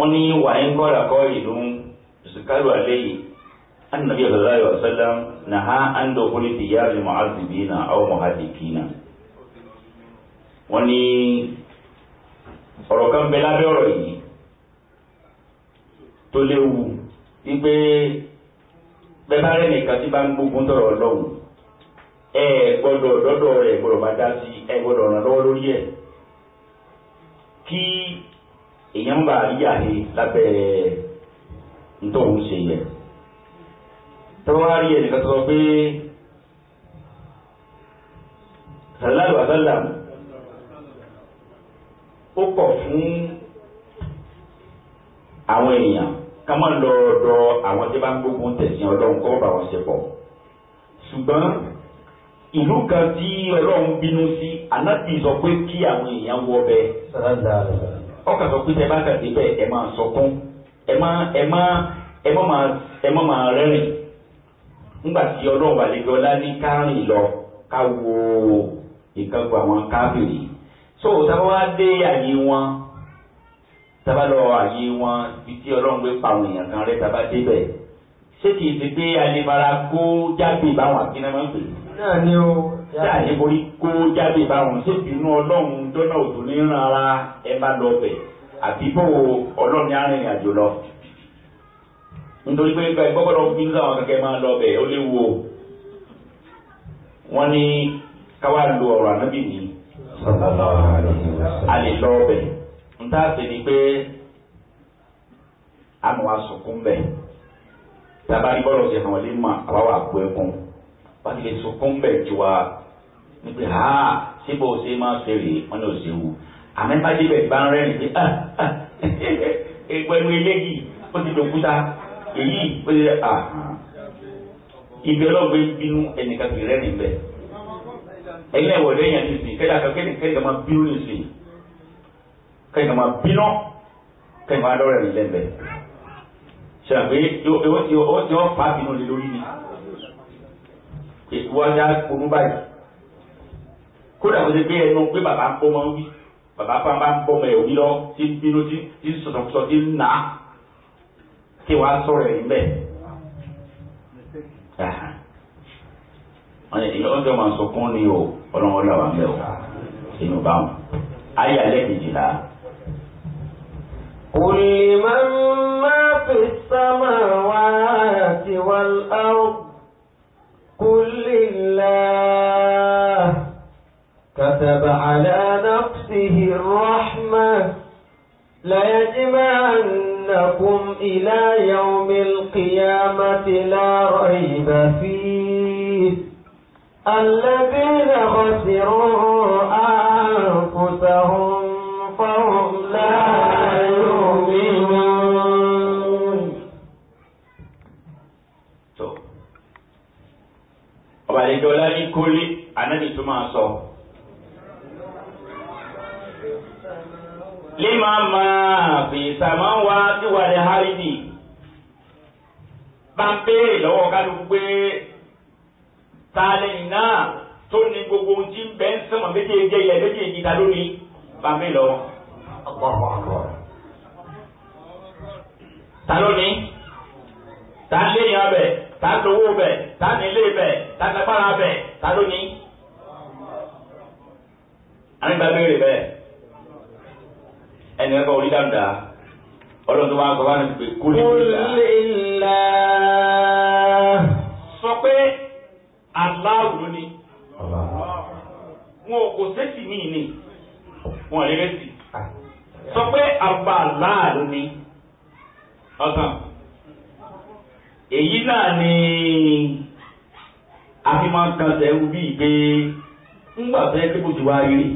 S1: wọ́n ní wàyín kọ́ra kọ́rì ló ń sùkárù alẹ́ yìí annabi sallallahu alaihi wasallam na ha an dọ̀kúlẹ̀ ti yára ní mọ̀hásìbí na àwọn mọ̀hásìkì na wọ́n ní ọ̀rọ̀ kan bẹ lábẹ́ ọ̀rọ̀ yìí tó léwu wípé bẹ́ẹ̀ bá rẹ̀ nìkan tí bá ń gbógun tọ̀rọ̀ ọlọ́run ẹ gbọ́dọ̀ dọdọ rẹ gbọ́dọ̀ bá dá sí ẹ gbọ́dọ̀ ràn lọ́wọ́ lórí èèyàn ń bà yíyà ni lábẹ́ ntòun ṣe yẹ tọ́wọ́ rí ẹnìkan sọ pé sàlálù àsálàm ó kọ̀ fún àwọn èèyàn ká má lọ ọ̀dọ̀ àwọn tí bá ń gbógun tẹ̀sìn ọlọ́run kọ́ bá wọn ṣe pọ̀ ṣùgbọ́n ìlú kan tí ọlọ́run bínú sí anábì sọ pé kí àwọn èèyàn wọ bẹ sàlálù àsálàm ọkà sọ pé tẹ́bá kà síbẹ̀ ẹ máa sọkún ẹ má ẹ má ẹ má máa ẹ má máa rẹ́rìn nígbà tí ọlọ́run wà lẹ́gbẹ̀ẹ́ ọlá ní kárìn lọ ká wo nǹkan gbọ́ àwọn káfíìrì so tábà wá dé àyè wọn tábà lọ àyè wọn ibi tí ọlọ́run gbé pa àwọn èèyàn kan rẹ tábà débẹ̀ ṣé kìí ṣe pé alẹ́ fara kó jáde báwọn àkínná máa ń pè. náà ni o dáa ní borí kó jáde báwọn ṣébi inú ọlọ́run dọ́nà òtún ní ràn ara ẹ má lọ bẹ̀ àbí bọ́wọ́ ọlọ́run arìnrìn àjò lọ. nítorí pé nípa ẹgbẹ́ gbọ́dọ̀ bí sáwọn kẹ́kẹ́ máa lọ bẹ̀ ó léwu o. wọ́n ní káwá lu ọ̀rọ̀ ànábì ní a lè lọ bẹ̀ n tá a sì ní pé àmọ́ asùnkún bẹ̀ tábàrí bọ́lọ̀ ṣe hàn wọlé mọ́ àbáwá àpò ẹkùn wọ́n ti lè sunkún bẹ̀ ju wa wípé ha síbò ṣe máa ṣe rèé wọn ní òṣè wù àmì bá débẹ̀ bá ń rẹ́rìn pé ah, ah, pẹ̀lú eléyìí ó ti dòkúta èyí ó ti à ah, ibi ọlọ́gbẹ́ bínú ẹnìkan kì í rẹ́rìn bẹ́ẹ̀ ẹ̀yin ẹ̀wọ̀ lẹ́yìn àti ìsìn kẹ́lá kan kẹ́lẹ́ kẹ́lẹ́ kan máa bínú ní ìsìn kẹ́lẹ́ kan máa bínú kẹ́lẹ́ máa lọ́rẹ̀ rìn lẹ́bẹ̀ẹ́ ṣàpé o ti ó fa bínú lé lórí ni wọ́n já kúrú báyìí kódà mo ti gbé ẹnu pé bàbá ń bọ́ wí bàbá pa bá ń bọ́ ẹ̀ òní lọ tí ń bínú tí ń sọ̀tọ̀sọ̀ tí ń nà á kí wàá sọ̀rọ̀ ẹ̀ níbẹ̀. wọ́n ní ìyọ́njọ́ máa sọ ni o ọlọ́wọ́ là wà ń bẹ̀ bá wọn. ayé alẹ́ kejìlá.
S2: قل ما في السماوات والأرض قل لله كتب على نفسه الرحمة ليجمعنكم إلى يوم القيامة لا ريب فيه الذين خسروا أنفسهم فهم لا يؤمنون
S1: ọba àlejò ọlá ní kólé anábì tó lima máa fi sàmáwá tiwa ní hárìdì bá ń béèrè lọ́wọ́ kálukú pé ta lẹ́yìn náà tó ní gbogbo ohun tí ń bẹ́ ń sọ̀mọ́ méjèèjì ilẹ̀ méjèèjì ta lónìí bá ń béèrè lọ́wọ́. ta lónìí ta lẹ́yìn abẹ ta lówó bẹ ta nílé bẹ ta nagbára bẹ ta lónìí. àwọn ìgbà béèrè bẹ́ẹ̀ ẹni ẹ̀kọ́ orí dàdà ọlọ́run tó wá sọ fún àná pé kó lè là sọ pé aláwù ló ní wọn kò sẹ́sì ní ìní wọn lè rẹ́sì sọ pé àbá aláàlú ní ọ̀sán èyí náà ni a fi máa ń kan sẹ́wù bíi pé ńgbà tó yẹ kí kò ti wá rí rí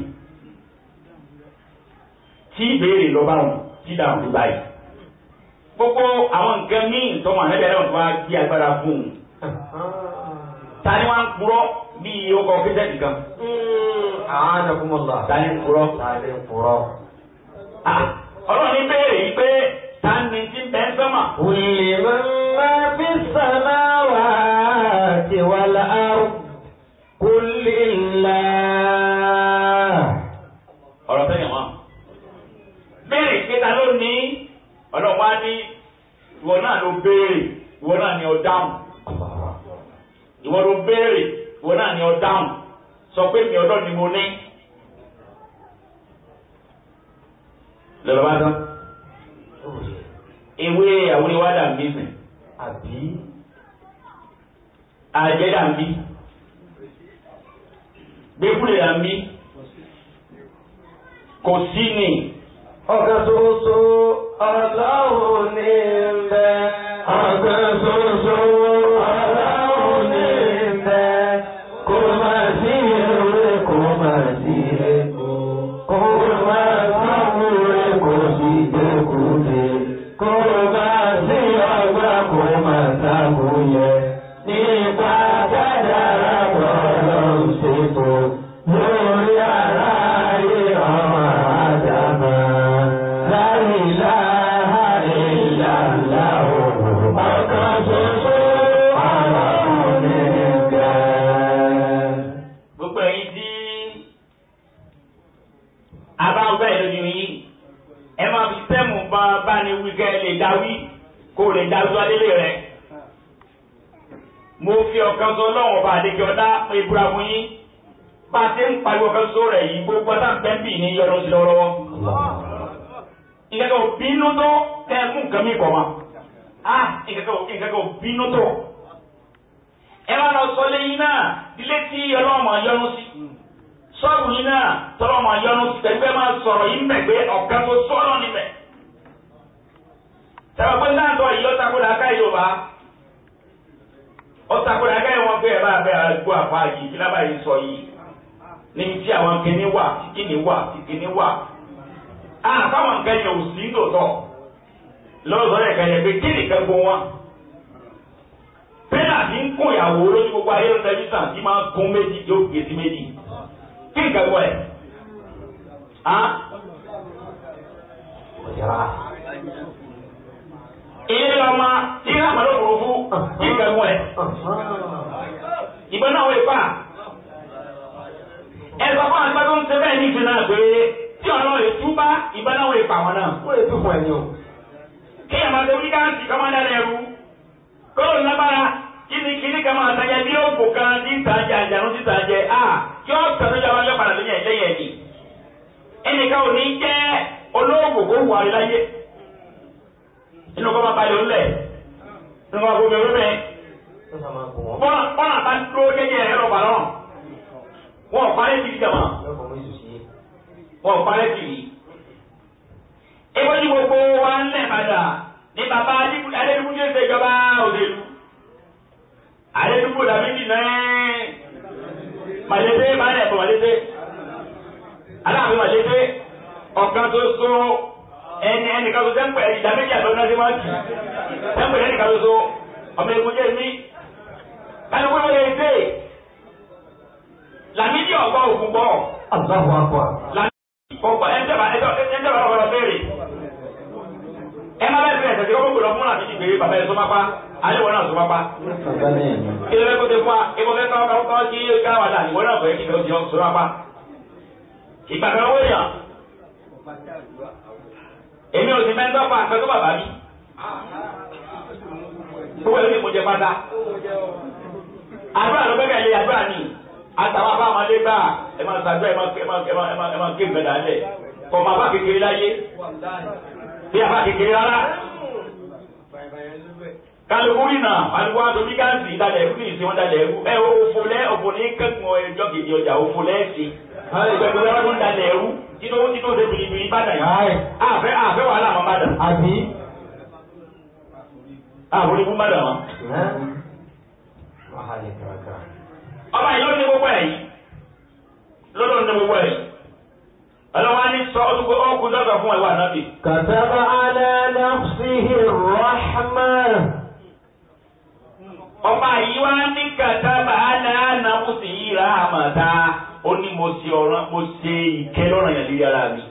S1: tí ìbéèrè lọ bá wọn tí dàrú ló báyìí. gbogbo àwọn nǹkan míì tọmọ àlẹ́bẹ̀ẹ́ náà tó wá bí agbára fún un. ta ni wọn ń kúrọ bí ọkọ kíṣẹ́ nìkan. àánà hmm, kúmọ̀lá. ta ni ń kúrọ. ta ni ń kúrọ. ọlọ́run ní béèrè yìí pé ta ni ti bẹ́ẹ̀ sọ́mà. wùlì mọ́ máa fi sàmà. pé mi ọlọ́run ni mo ní. lọ́lọ́ bá tán ewé àwúrẹ́wádà ń bí sìn àbí àjẹ́dà ń bí. níbẹ̀ pé ọ̀kan tó sọ́lọ́ níbẹ̀. sẹ́wọ́n pé náà lọ yìí ọ̀takùnrin aká yorùbá ọ̀takùnrin aká yẹn wọ́n pé ẹ̀ bá bẹ́ àgbo àpá yìí kí lábàá yìí sọ yìí níbi tí àwọn kìnìún wà kìnìún wà kìnìún wà. àtàwọn nǹkan yẹn ò sí lòótọ́ lọ́sọ̀rọ̀ yẹn kan yẹn pé kí nìkan gun wọn. pínlà ti ń kún ìyàwó lójú gbogbo ayé ló tẹlifíṣàn tí máa ń kún méjì yóò gbèsè méjì kí nìkan gun ẹ̀ yàrá. ilé ọmọ ilé àmàlò òfurufú yìí kẹ́kọ̀ọ́ rẹ̀. ìbọn náà wọ̀ ipá. ẹ̀rọ fún àgbà tó ń ṣe bẹ́ẹ̀ ní ìfẹ́ náà pé tí ọ̀nà ìtúbá ìbọn náà wọ̀ ipá wọn náà. ó lè tún fún ẹni o. kí àmàlò oníkàǹtì kọ́mọ́dá rẹ̀ rú kóòlù lábára kíni kíni kama àtàjẹ bí ó kò kan ní ìtajà ìjànú ti tàjẹ a yọ tẹnu jọba yọ padà lóyún ẹlẹyìn ẹni ẹnìkan ò olóògùn kò wù àrí láyé inú kọ́ bá balẹ̀ ńlẹ̀ inú kọ́ bá gbómi olómi bọ́nà bá dúró jẹ́jẹ́ ẹ̀rọ bàlọ́ wọn ò parẹ́ kiri jàmọ́ wọn ò parẹ́ kiri ìbọ̀jú gbogbo wa ń lẹ̀ padà ní bàbá adédúgbò ní ẹsẹ̀ ìjọba òdèlú adédúgbò dàbí dìnnà màlété bá lẹ̀ bọ̀ màlété aláàbí màlété ọ̀kan ṣoṣo ẹni ẹnìkan ṣoṣo jẹ́ǹpẹ̀ ìdá méjì àtọ́jú náà ṣe máa ń kì jẹ́ǹpẹ̀ ẹnìkan ṣoṣo ọmọ egun jẹ́ mí kálukú ló lè dé làmídìí ọ̀gbọ́ òkú gbọ́ làmídìí ọ̀gbọ́ ẹ̀ńdẹ̀bà ẹ̀ńdẹ̀bà ọ̀gbọ́dọ̀ béèrè ẹ má bẹ́ẹ̀ bẹ́ẹ̀ tẹ̀sí kọ́kọ́ gbọ́dọ̀ fún àti ìgbèrè bàbá ẹ̀ sọ́mápá aléwọ̀n náà sọ́mápá. kí ló fẹ́ kó ti fún wa ebó fẹ́ káwọ́ káwọ́ kí ká dà ìwọ náà fẹ́ kí ló ti sọ́mápá. ìgbà kan wọ́n yàn èmi ò sì fẹ́ dọ́pọ̀ àpẹ tó bàbá mi gbogbo ẹni mo jẹ pátá àdúrà ló gbẹgbẹ yẹ àdúrà ni àtàwọn àbá máa lé gbà ẹ máa sàdúrà ẹ máa ké ẹ máa ké gbẹdà lẹ kọ máa bá kékeré láyé bí àbá kékeré rárá kálukú rìnnà àdúgbò àtòmí gáàsì ìdálẹ̀ ẹ̀rú ní ìsìn wọn dalẹ̀ ẹ̀rú ẹ òfò lẹ́ òfò ní kẹ́kùn ẹjọ́ kejì ọjà òfò lẹ́ẹ̀sì ìgbẹ̀gbẹ̀ lọ́dún dalẹ̀ ẹ̀rú títí owó títí ó ṣe bìrìbìrì bàdàn yìí. àfẹ́ àfẹ́ wàhálà àwọn bàdàn. àbí. àbúrò ikú bàdàn wọn. ọba yìí ló ní gbogbo ẹ̀ yìí lọ́dọ̀ ní gbogbo ẹ̀ ọlọ́wọ́ ní sọ ọdúnkọ ọkùn dọ́gba fún ẹ̀wà náà bì. kataba
S2: ala nafsihi
S1: rahma. ọba yìí wá ní kataba ala nafsihi rahmata ó ní mo ṣe ọ̀ràn mo ṣe ìkẹ́ lọ́ràn yẹn lórí ara mi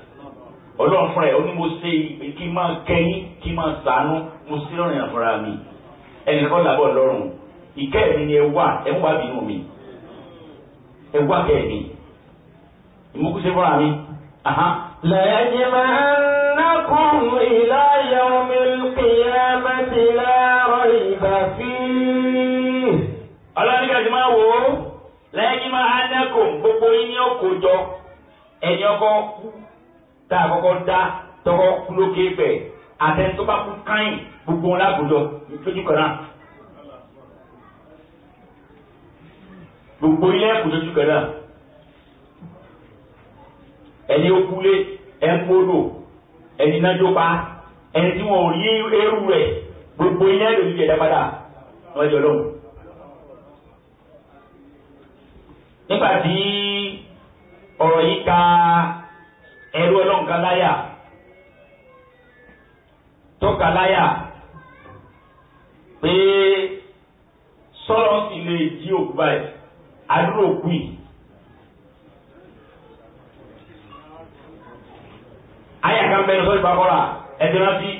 S1: ọlọ́run fúnra ẹ̀ ó ní mo ṣe kí n máa kẹ́yìn kí n máa sànú mo ṣe lọ́ràn yẹn fúnra mi ẹnì kan làbọ̀ lọ́rùn ìkẹ́ mi ni ẹ wà ẹ ń wá bínú mi ẹ wá kẹ́ mi ìmúkúṣe fúnra mi.
S2: ليجمعنكم إلى يوم القيامة لا ريب فيه.
S1: Ọlọ́run ní lẹ́yìn máa anákùn gbogbo yín ní òkòjọ ẹ̀yìn ọkọ kú tá a kọ́kọ́ dá tọkọ kú lókè bẹ̀ àtẹni tó bá kú káyìn gbogbo wọn lágòjọ lójú kan náà. gbogbo ilé ẹ̀kú lójú kan náà ẹni okule ẹnkpolo ẹni nadzopa ẹni tí wọn ò rí eru rẹ gbogbo ilé ẹ̀kú lójú kan náà wọn jọ lọ́wọ́. nígbà tí ọ̀rọ̀ yìí ka ẹrú ọlọ́nkà láyà tó ka láyà pé sọ́lọ́ sì lè jí òkú báyìí àdúrà òkú yìí. ayé àkànbẹ ní sọ́ọ̀tì pàkọ́ra ẹ̀dùn náà sí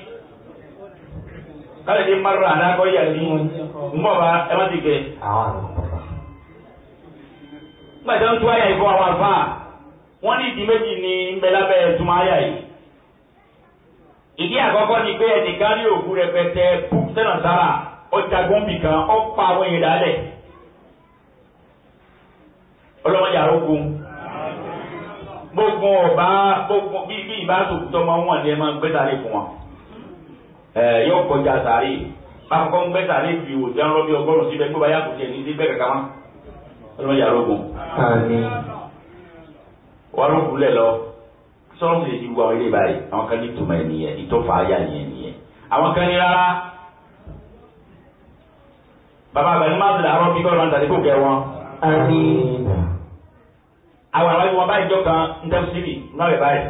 S1: kálí ní márùn-ún àdàkọ́ yìí àti mbọ̀bá ẹ̀ má ti gẹ̀ gbàdá ń tú àyà ìfọ àwọn àfà wọ́n ní ìdí méjì ní ńbẹ́lábẹ́ ẹ̀túnmọ́ àyà yìí. ìdí àkọ́kọ́ ni pé ẹnìkan ní òkú rẹpẹtẹ púpù sẹ́nà sára ọjà gómìnà kan ó pa àwọn èèyàn dálẹ̀ ọlọ́mọdé àrógún gbogbo ọba gbogbo bí bí ìbá sòkútọ́ máa ń wọ̀n ní ẹ máa ń gbé sáré fún wọn yóò kọjá sáré akọ́kọ́ ń gbé sáré fi òjá ń rọ́ bí ọgọ́rùn-ún síbẹ̀ gbọ́dọ̀ yàgò tiẹ̀ ní síbẹ̀ kankan wọn ọlọ́mọdé arógun. wọ́n ló kulẹ̀ lọ sọ́run ti lè di gbogbo àwọn ilé báyìí àwọn kan ní tùmọ̀ ẹ̀nìyẹn ìtọ́fà ayà nìyẹn nìyẹn àwọn kan ní rárá bàbá àgbàdo máa ń tẹ̀lé àárọ̀ bí bọ́ọ̀lù máa ń tàdé kó kẹ́ wọn. àwọn àwọn ìwọ̀n báyìí jọ kan ń tẹ́ síbì náà báyìí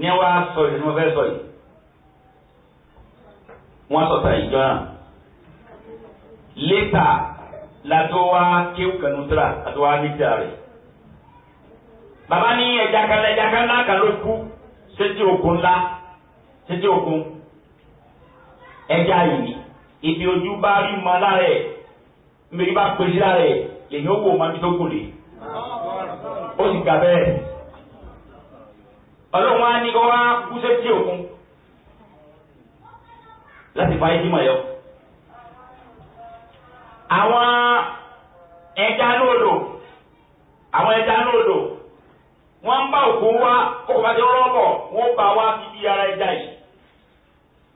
S1: ní wá sọ ìdí tí wọ́n fẹ́ sọ yìí wọ́n sọ̀tà ìjọ náà la tó wá kéwù kanu tira la tó wá ní tira rẹ baba ní ẹja kan ẹja kan náà kan ló kú sétí òkun ńlá sétí òkun ẹja yìí ibi ojú bá rí mọ lára ẹ mbẹ́rẹ́ bá pèsè lára ẹ lèyìn ó wò má tó kù lé ó sì gbà bẹ́ẹ̀ ọlọ́run á ní kó wá kú sétí òkun láti fa ẹjí mọ̀ àwọn ẹja lódò àwọn ẹja lódò wọn ń bá òkú wá kókò bá bá wá bíbí ara ẹja yìí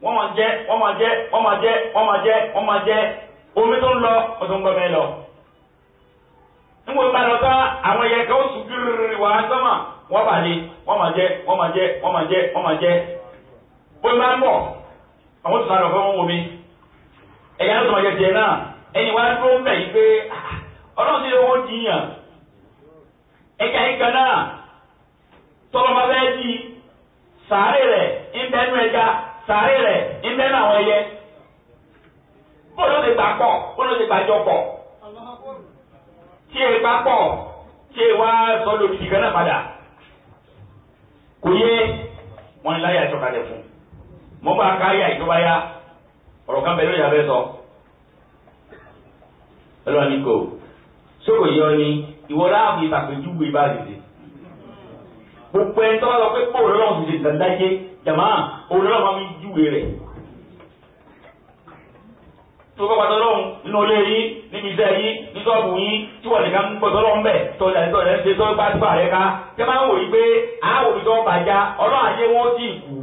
S1: máa jẹ máa jẹ máa jẹ máa jẹ máa jẹ omi tó ń lọ kótó ń gbọ́ bẹ́ẹ̀ lọ nígbà tó bá lọ àwọn ẹyẹ kan ó sùn gírírí wàá bá ẹni wá dúró ń bẹ̀ yí pé ah, ọlọ́run ti owó jiyàn ẹ̀ka ẹ̀ka náà tọ́lọ́mọ bẹ́ẹ̀ di sàárè rẹ̀ ń bẹ́ẹ̀ nú ẹja sàárè rẹ̀ ń bẹ́ẹ̀ nú àwọn ẹyẹ bóun ló ti gbà pọ̀ bóun ló ti gbàjọ pọ̀ tí ẹ pọ̀ tí ẹ sọ lórí ìgbà náà padà kò yé wọn ni láyà ìtọ́kalẹ̀ fún mọ́ bá ká yà ìjọba yá ọ̀rọ̀ kan bẹ̀rẹ̀ lórí abẹ́ sọ ọlọ́ni kò ṣókò yọ ni ìwọ láàbù ìtàpéjúwe bá dìde gbogbo ẹni tó bá lọ pé bóòlù ọlọ́run ti ṣe dandájé jàmá òun ọlọ́run mi júwe rẹ̀ tó bá pàtó ọlọ́run nínú ilé yìí níbi iṣẹ́ yìí ní sọ́ọ̀bù yìí tí wọ́n nìkan ń gbọ́dọ̀ ọlọ́run bẹ̀ tó ìlànà tó ìlànà ṣe tó bá tó àrẹ ká jẹ́ máa ń wòye pé àwọn òbí tó ń bàjá ọlọ́run ayé wọn ti kú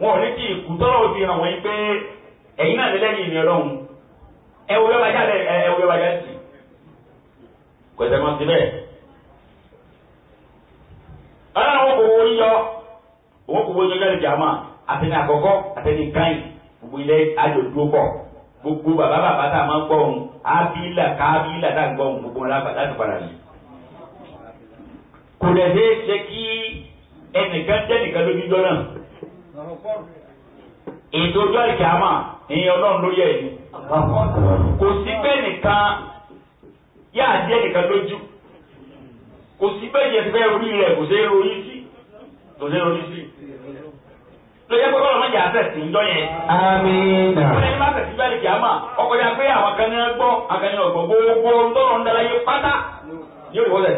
S1: wọn ò ní ti kú tọ́lọ́ wọ́n ẹwù yọọ bá jáde ẹwù yọọ bá jáde kọsẹ mọ síbẹ̀. Ọlọ́run àwọn kòwò yíyọ òun kòwò yíyọ jáde jàmá àtẹni àkọ́kọ́ àtẹni káyìn gbogbo ilẹ̀ ayò dúró pọ̀ gbogbo bàbá bàbá tá a máa ń gbọ́ òun ábílà kábílà tá a ń gbọ́ òun gbogbo wọn láti padà yìí. kò dẹ̀ ṣeé ṣe kí ẹnìkan jẹ́nìkan lójú jọ náà. ètò ọjọ́ ìjàmá ìyẹn ọlọ́run lórí ẹ̀yìn kò sí bẹ́ẹ̀ nìkan yáà jẹ́ nìkan lójú kò sí bẹ́ẹ̀ yẹn fẹ́ orí rẹ̀ kò sí orí sí kò sí orí sí lóye pé kọ́lọ́ mọ̀jà àtẹ̀sí ń dọ́yẹn. amiina. wọ́n ní bá tẹ̀sí bẹ́ẹ̀ kì á mà ọkọ̀ ya pé àwọn kan ní gbọ́ àkàn ní ọ̀gbọ́n gbogbo ńlọrọ̀ ń dara yé pátá ní òyìnbó tẹ̀.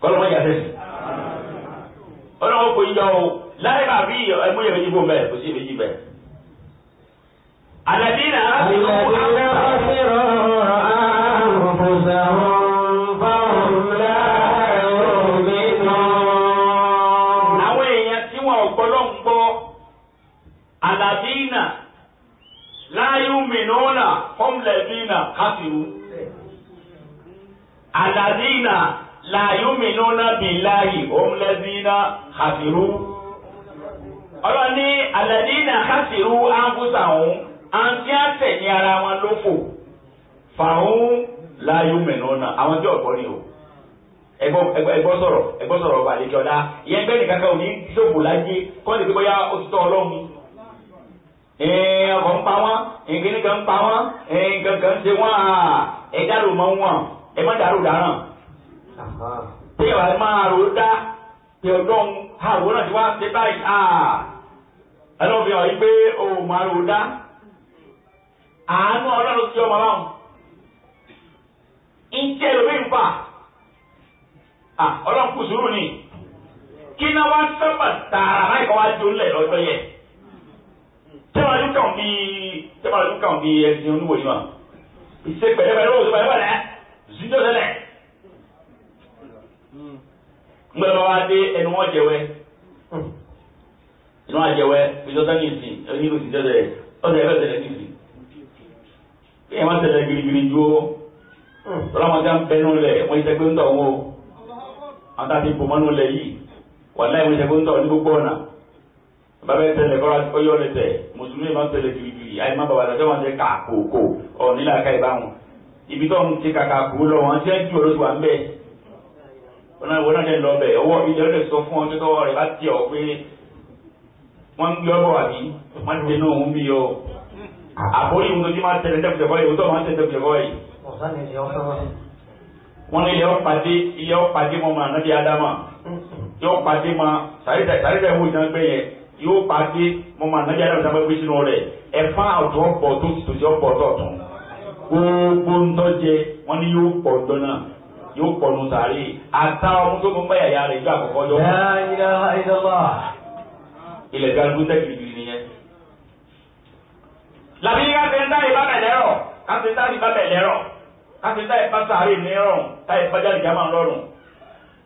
S1: kọ́lọ́ mọ̀jà àtẹ̀sí. ọlọ́run kò yí yá o láyé bá bí ẹgbẹ́ méjì fún bẹ́ẹ̀ kò sí méjì bẹ́ẹ̀. àlàdínà á fi kú àwọn. Àlàdínà láyé mìnúnà fọ́mùlẹ̀dínà káfíru. Àlàdínà láyé mìnúnà bí láyé fọ́mùlẹ̀dínà káfíru ọlọ́run ní aladina khasiru anfusahum àǹtí àtẹ̀ ní ara wọn ló fò fàáhùn láàyò mẹ́nà náà àwọn tí ọ̀gbọ́n ni o ẹgbọ́n sọ̀rọ̀ ẹgbọ́n sọ̀rọ̀ ọba àlejò ọ̀la ìyẹn bẹ́ẹ̀ nìkan kan ò ní ṣòfò láyé kọ́ lè fi bóyá ó ti tọ́ ọkọ̀ ń pa wọ́n nǹkan nìkan ń pa wọ́n nǹkan kan ṣe wọ́n ẹ dárò mọ́ wọn ẹ má dárò dáràn. tí ìwà máa rò dá tí ọlọ́run àwòrán ti wá ṣe báyìí ẹlọ́bi ọ̀ yìí pé òun máa ń dá àánú ọlọ́run sí ọmọ báwọn ń tẹ́ lómi ń fà ọlọ́run kù sùúrù ni kí náà wá sábà tààrà láì kọ́ wá jólẹ̀ lọ́jọ́ yẹn tẹ́wọ́n ọdún kàn bí tẹ́wọ́n ọdún kàn bí ẹ̀sìn oníwòyí wọn ìṣe pẹ̀lẹ́pẹ̀lẹ́ wọ́n ò pẹ̀lẹ́pẹ̀lẹ́ zidọ́sẹ̀lẹ̀ ngbẹ̀rẹ̀ wa dé ẹnu wọn jẹ̀wẹ́ inú àjẹwẹ́ ìjọba ní ìsìn onílù ti tẹ́lẹ̀ ọ̀sẹ̀ ẹ̀fẹ́ tẹ̀lẹ̀ ní ìsìn ẹ̀ má tẹ̀lẹ̀ girigiri ju ó tọ́lámọ́gá hmm. ń bẹnu lẹ̀ wọ́n ṣe pé ń tọ̀ wọ́n o àwọn táwọn ti bò mọ́nú lẹ̀ yìí wà láì wọ́n ṣe pé ń tọ̀ ní gbogbo ọ̀nà bàbá ẹ̀ tẹ̀lẹ̀ kọ́ra ọyọ́ lẹ̀ tẹ̀ mùsùlùmí má tẹ̀lẹ̀ girigiri àyè má bàbá àtàtà wọn lọ wọn ṣe ń jù ń bẹ́ẹ̀ wọn náà wọn náà dẹ̀ lọ bẹ̀ ọwọ́ ilé ọdẹ sọ fún ọjọ́ tọwọ́ rẹ̀ bá tiẹ̀ ọ pé wọ́n ń gbé ọbọ̀ àbí wọ́n ti dènà òun bí yọ àbórí ìwọ̀n tó máa tẹ̀lé tẹ̀kùtẹ̀ bọ́ọ̀lì ìwọ̀n tó máa tẹ̀lé tẹ̀kùtẹ̀ bọ́ọ̀lì. wọ́n ní ilé ọ̀pàdé ilé ọ̀pàdé mọ́ màá nàbí adama yóò pàdé mọ́ sàrídà sàrídà ìwọ̀n ìdáná gbẹ̀yẹ yóò pàdé mọ́ màá nàbí adama sábà gbé sínú rẹ̀ ẹ̀fá ọ̀dọ́ ọ̀pọ̀ tó ti tòṣì ọ̀pọ̀ ọ̀tọ̀ ọ̀tún gbogbo ńdọ́jẹ wọ́n ní yóò pọ̀ ọ̀dọ́ náà yóò pọnu sàárè ata ọmọ tó mú báyà ya rẹ̀ ju àkọ́kọ́ yọ. ilẹ̀ gbàgbó sẹ́kì bìrì nìyẹn. làbí ká ṣe ń dá ìbá bẹ̀lẹ́rọ̀ ká ṣe ń dá ìbá bẹ̀lẹ́rọ̀ ká ṣe ń dá ìbá sàárè ní rọrùn ká ìbá jáde jámà rọrùn.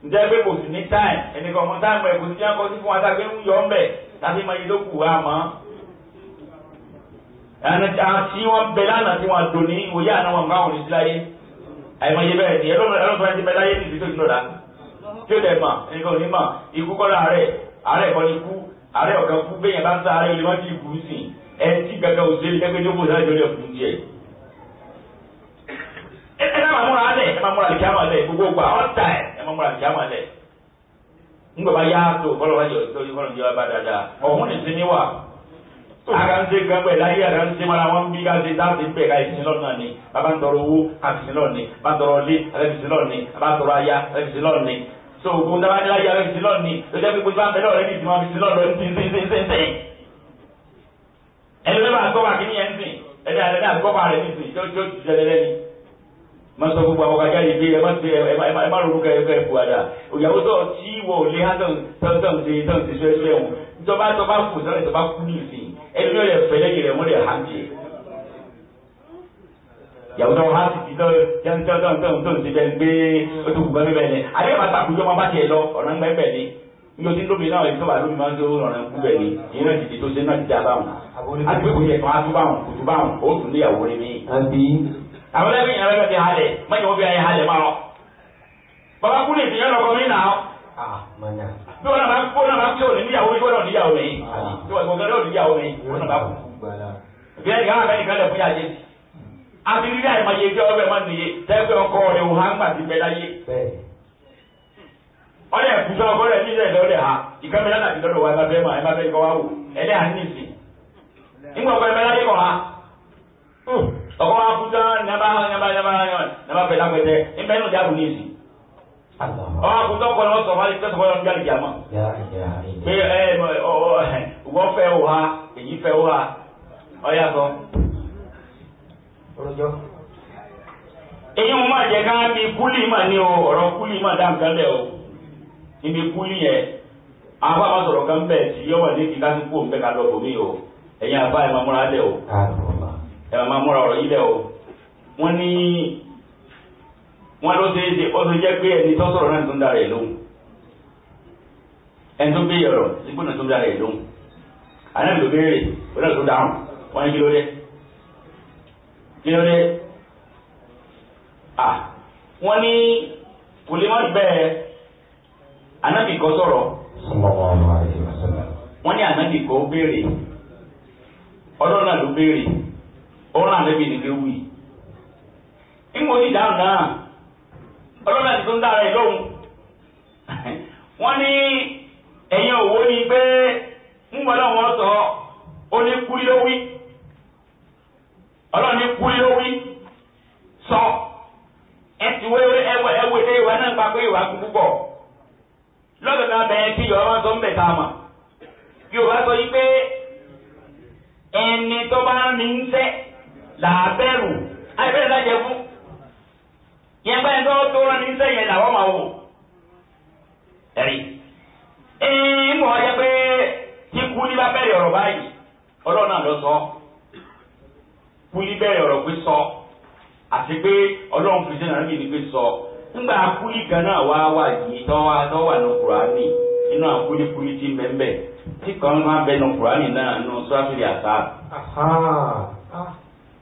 S1: ǹjẹ́ pé kò sí ní táìm ẹnìkan mọ táìm ẹ̀ kò sí yánkọ́ sí fún wa tágbé ń yọ ọ́nbẹ̀ tàbí máa yẹ lókù wa mọ́. àti wọn bẹ lánàá tí wọn dò ní òye àná wọn gbá wọn ní síláyé. àìmọye bẹ́ẹ̀ ni ẹlọ́mọ ẹni bẹ láyé nìbí tó ti na tí ó dẹ̀ mà nǹkan ò ní mà ikú kọ́ láàárẹ̀ àárẹ̀ kọ́ ni kú àárẹ̀ ọ̀kan kú bá ń àárẹ̀ olè má ti kú sí gbẹgbẹ gbẹgbẹ yóò bò sáré ẹ ẹ máa múra lẹ ẹ máa múra lè lẹ gbogbo ọ ẹ ẹ máa múra lè lẹ. ń bá yá tó ara ń se gbẹgbẹ láyé ara ń se mara wọn bí ká se dáàbò bẹ́ẹ̀ ká ìsìn lọ́nà ni bàbá ń tọrọ owó àfìsìn lọ́nà ni bàbá ń tọrọ ilé àfìsìn lọ́nà ni bàbá ń tọrọ aya àfìsìn lọ́nà ni so ògùn dábàá ní láyé àfìsìn lọ́nà ni lọ́jọ́ pé kójú bá ń bẹ lọ́rọ̀ ẹni ìsìn àfìsìn lọ́nà ní sìn sìn sìn sìn. ẹni bẹ́ẹ̀ máa kọ́ wà kí ni ẹ̀ ń sìn ẹni àlẹ́ náà kọ́ wà rẹ̀ ní sìn tó tó jẹlẹ lẹ́ni ma sọ gbogbo àwọn kájà yìí pé ẹ má ṣe ẹ má ẹ má ronú kẹ ẹ fẹ bu àdá òyàwó tó tí wọ ò lé hàn tó ń tó ń tó ń ṣe tó ń ṣe sọ ẹ sọ ẹ wọn tọba tọba kù sọ̀rọ̀ tọba kú ní ìsìn ẹni ọ̀yẹ̀ fẹ̀lẹ́ yìí rẹ̀ wọ́n lè hàn tiẹ̀. yàwó náà hàn ti tọ́ jẹ́ntẹ́ntẹ́ntẹ́n tó ti bẹ́ẹ̀ gbé oṣù kùgbọ́n mi bẹ́ẹ̀ ni àbẹ́ bàtà àkùjọ máa bá tiẹ̀ lọ ọ̀nà ńgbẹ́ bẹ́ẹ̀ ni yóò ti lómi náà ìtọ́ba lómi máa ń tó ọ̀nà ńkú ni ìyẹn náà ti di tó ṣe náà ti dá báwọn àti kò yẹ kàn á tún báwọn kùtù báwọn ó tún níyàwó rẹ mi. àwọn yẹn lọ́dọ̀ ti halẹ̀ mọ́yìn wọ́n bí wọn bá kó náà kí òní níyàwó ní wọn níyàwó ní tí wọn gbọgbẹ níyàwó ní wọn náà kú. bíi ẹnì kan àbẹ lẹ fún yà jẹ àti rírí àìmọye tí ọbẹ máa nìyẹ tẹgbẹ ọkọ rẹ wò hàn gbà ti láyé. ọlẹ ẹkùsọ ọkọ rẹ nílẹ lọlẹ ha ìkànnìyàn náà ti lọ́dọ̀ wa ẹ bá bẹ máa ẹ bá bẹ kọ wá wò ẹlẹ ọkọ wa kú tán nàbà nàbà nàbà nàbà fẹ lápẹtẹ ẹ bẹ nù dáàbò nìsín àwọn àkùtọ̀ kọ́ ni wọ́n sọ fáyé tẹ́sán fọlọ́ níjà lìjà mọ́. pé ẹ wọ́n fẹ́ o ha èyí fẹ́ o ha ọ̀yà sọ. èyí mo máa jẹ ká bí kúlì mà ní o ọ̀rọ̀ kúlì mà dá nǹkan lẹ̀ o ibi kúlì yẹn àwọn àbá sọ̀rọ̀ kan bẹ̀ tí yọ̀wọ̀ ní kí kásì kú òun bẹ́ẹ̀ ká lọ bòmí o ẹ̀yin àbá ẹ̀ máa múra lẹ̀ o ẹ̀ máa múra ọ̀rọ̀ yìí lẹ̀ o wọ́n ní. wọ́n ló ṣe ó ṣe jẹ́ pé ẹni tó sọ̀rọ̀ náà tó ń dára ẹ̀ lóhùn ẹni tó gbé ọ̀rọ̀ sígbó náà tó ń dára ẹ̀ lóhùn anábì tó béèrè òun náà tó dáhùn wọ́n ní kí ló dé ọlọ́nà ti tó ń dára ẹ̀ lóhùn wọ́n ní ẹ̀yin òwò ni pé ń bọ̀ náà wọ́n sọ ó ní kúrí ló wí ọlọ́run ní kúrí ló wí sọ ẹ ti wéwé ẹwẹ ẹwẹ tẹ ìwà náà gba pé ìwà kú púpọ̀ lọ́dọ̀ náà bẹ̀rẹ̀ kí yorùbá sọ ń bẹ̀ tá a o yorùbá sọ yí pé ẹni tó bá ń ní ń sẹ́ làá bẹ̀rù àìbẹ̀rẹ̀ lájẹ fún. yẹn pẹ́ tó tó rán ní sẹ́yìn làwọn máa wò mọ̀ ọ́ pé kíkú bá ọ̀rọ̀ báyìí ọlọ́run náà lọ sọ kú ní bẹ̀rẹ̀ pé sọ àti pé ọlọ́run ni pé sọ ńgbà kúlí kan náà wá wà yìí nù inú ti mẹ́mbẹ́ tí kan máa náà
S2: nù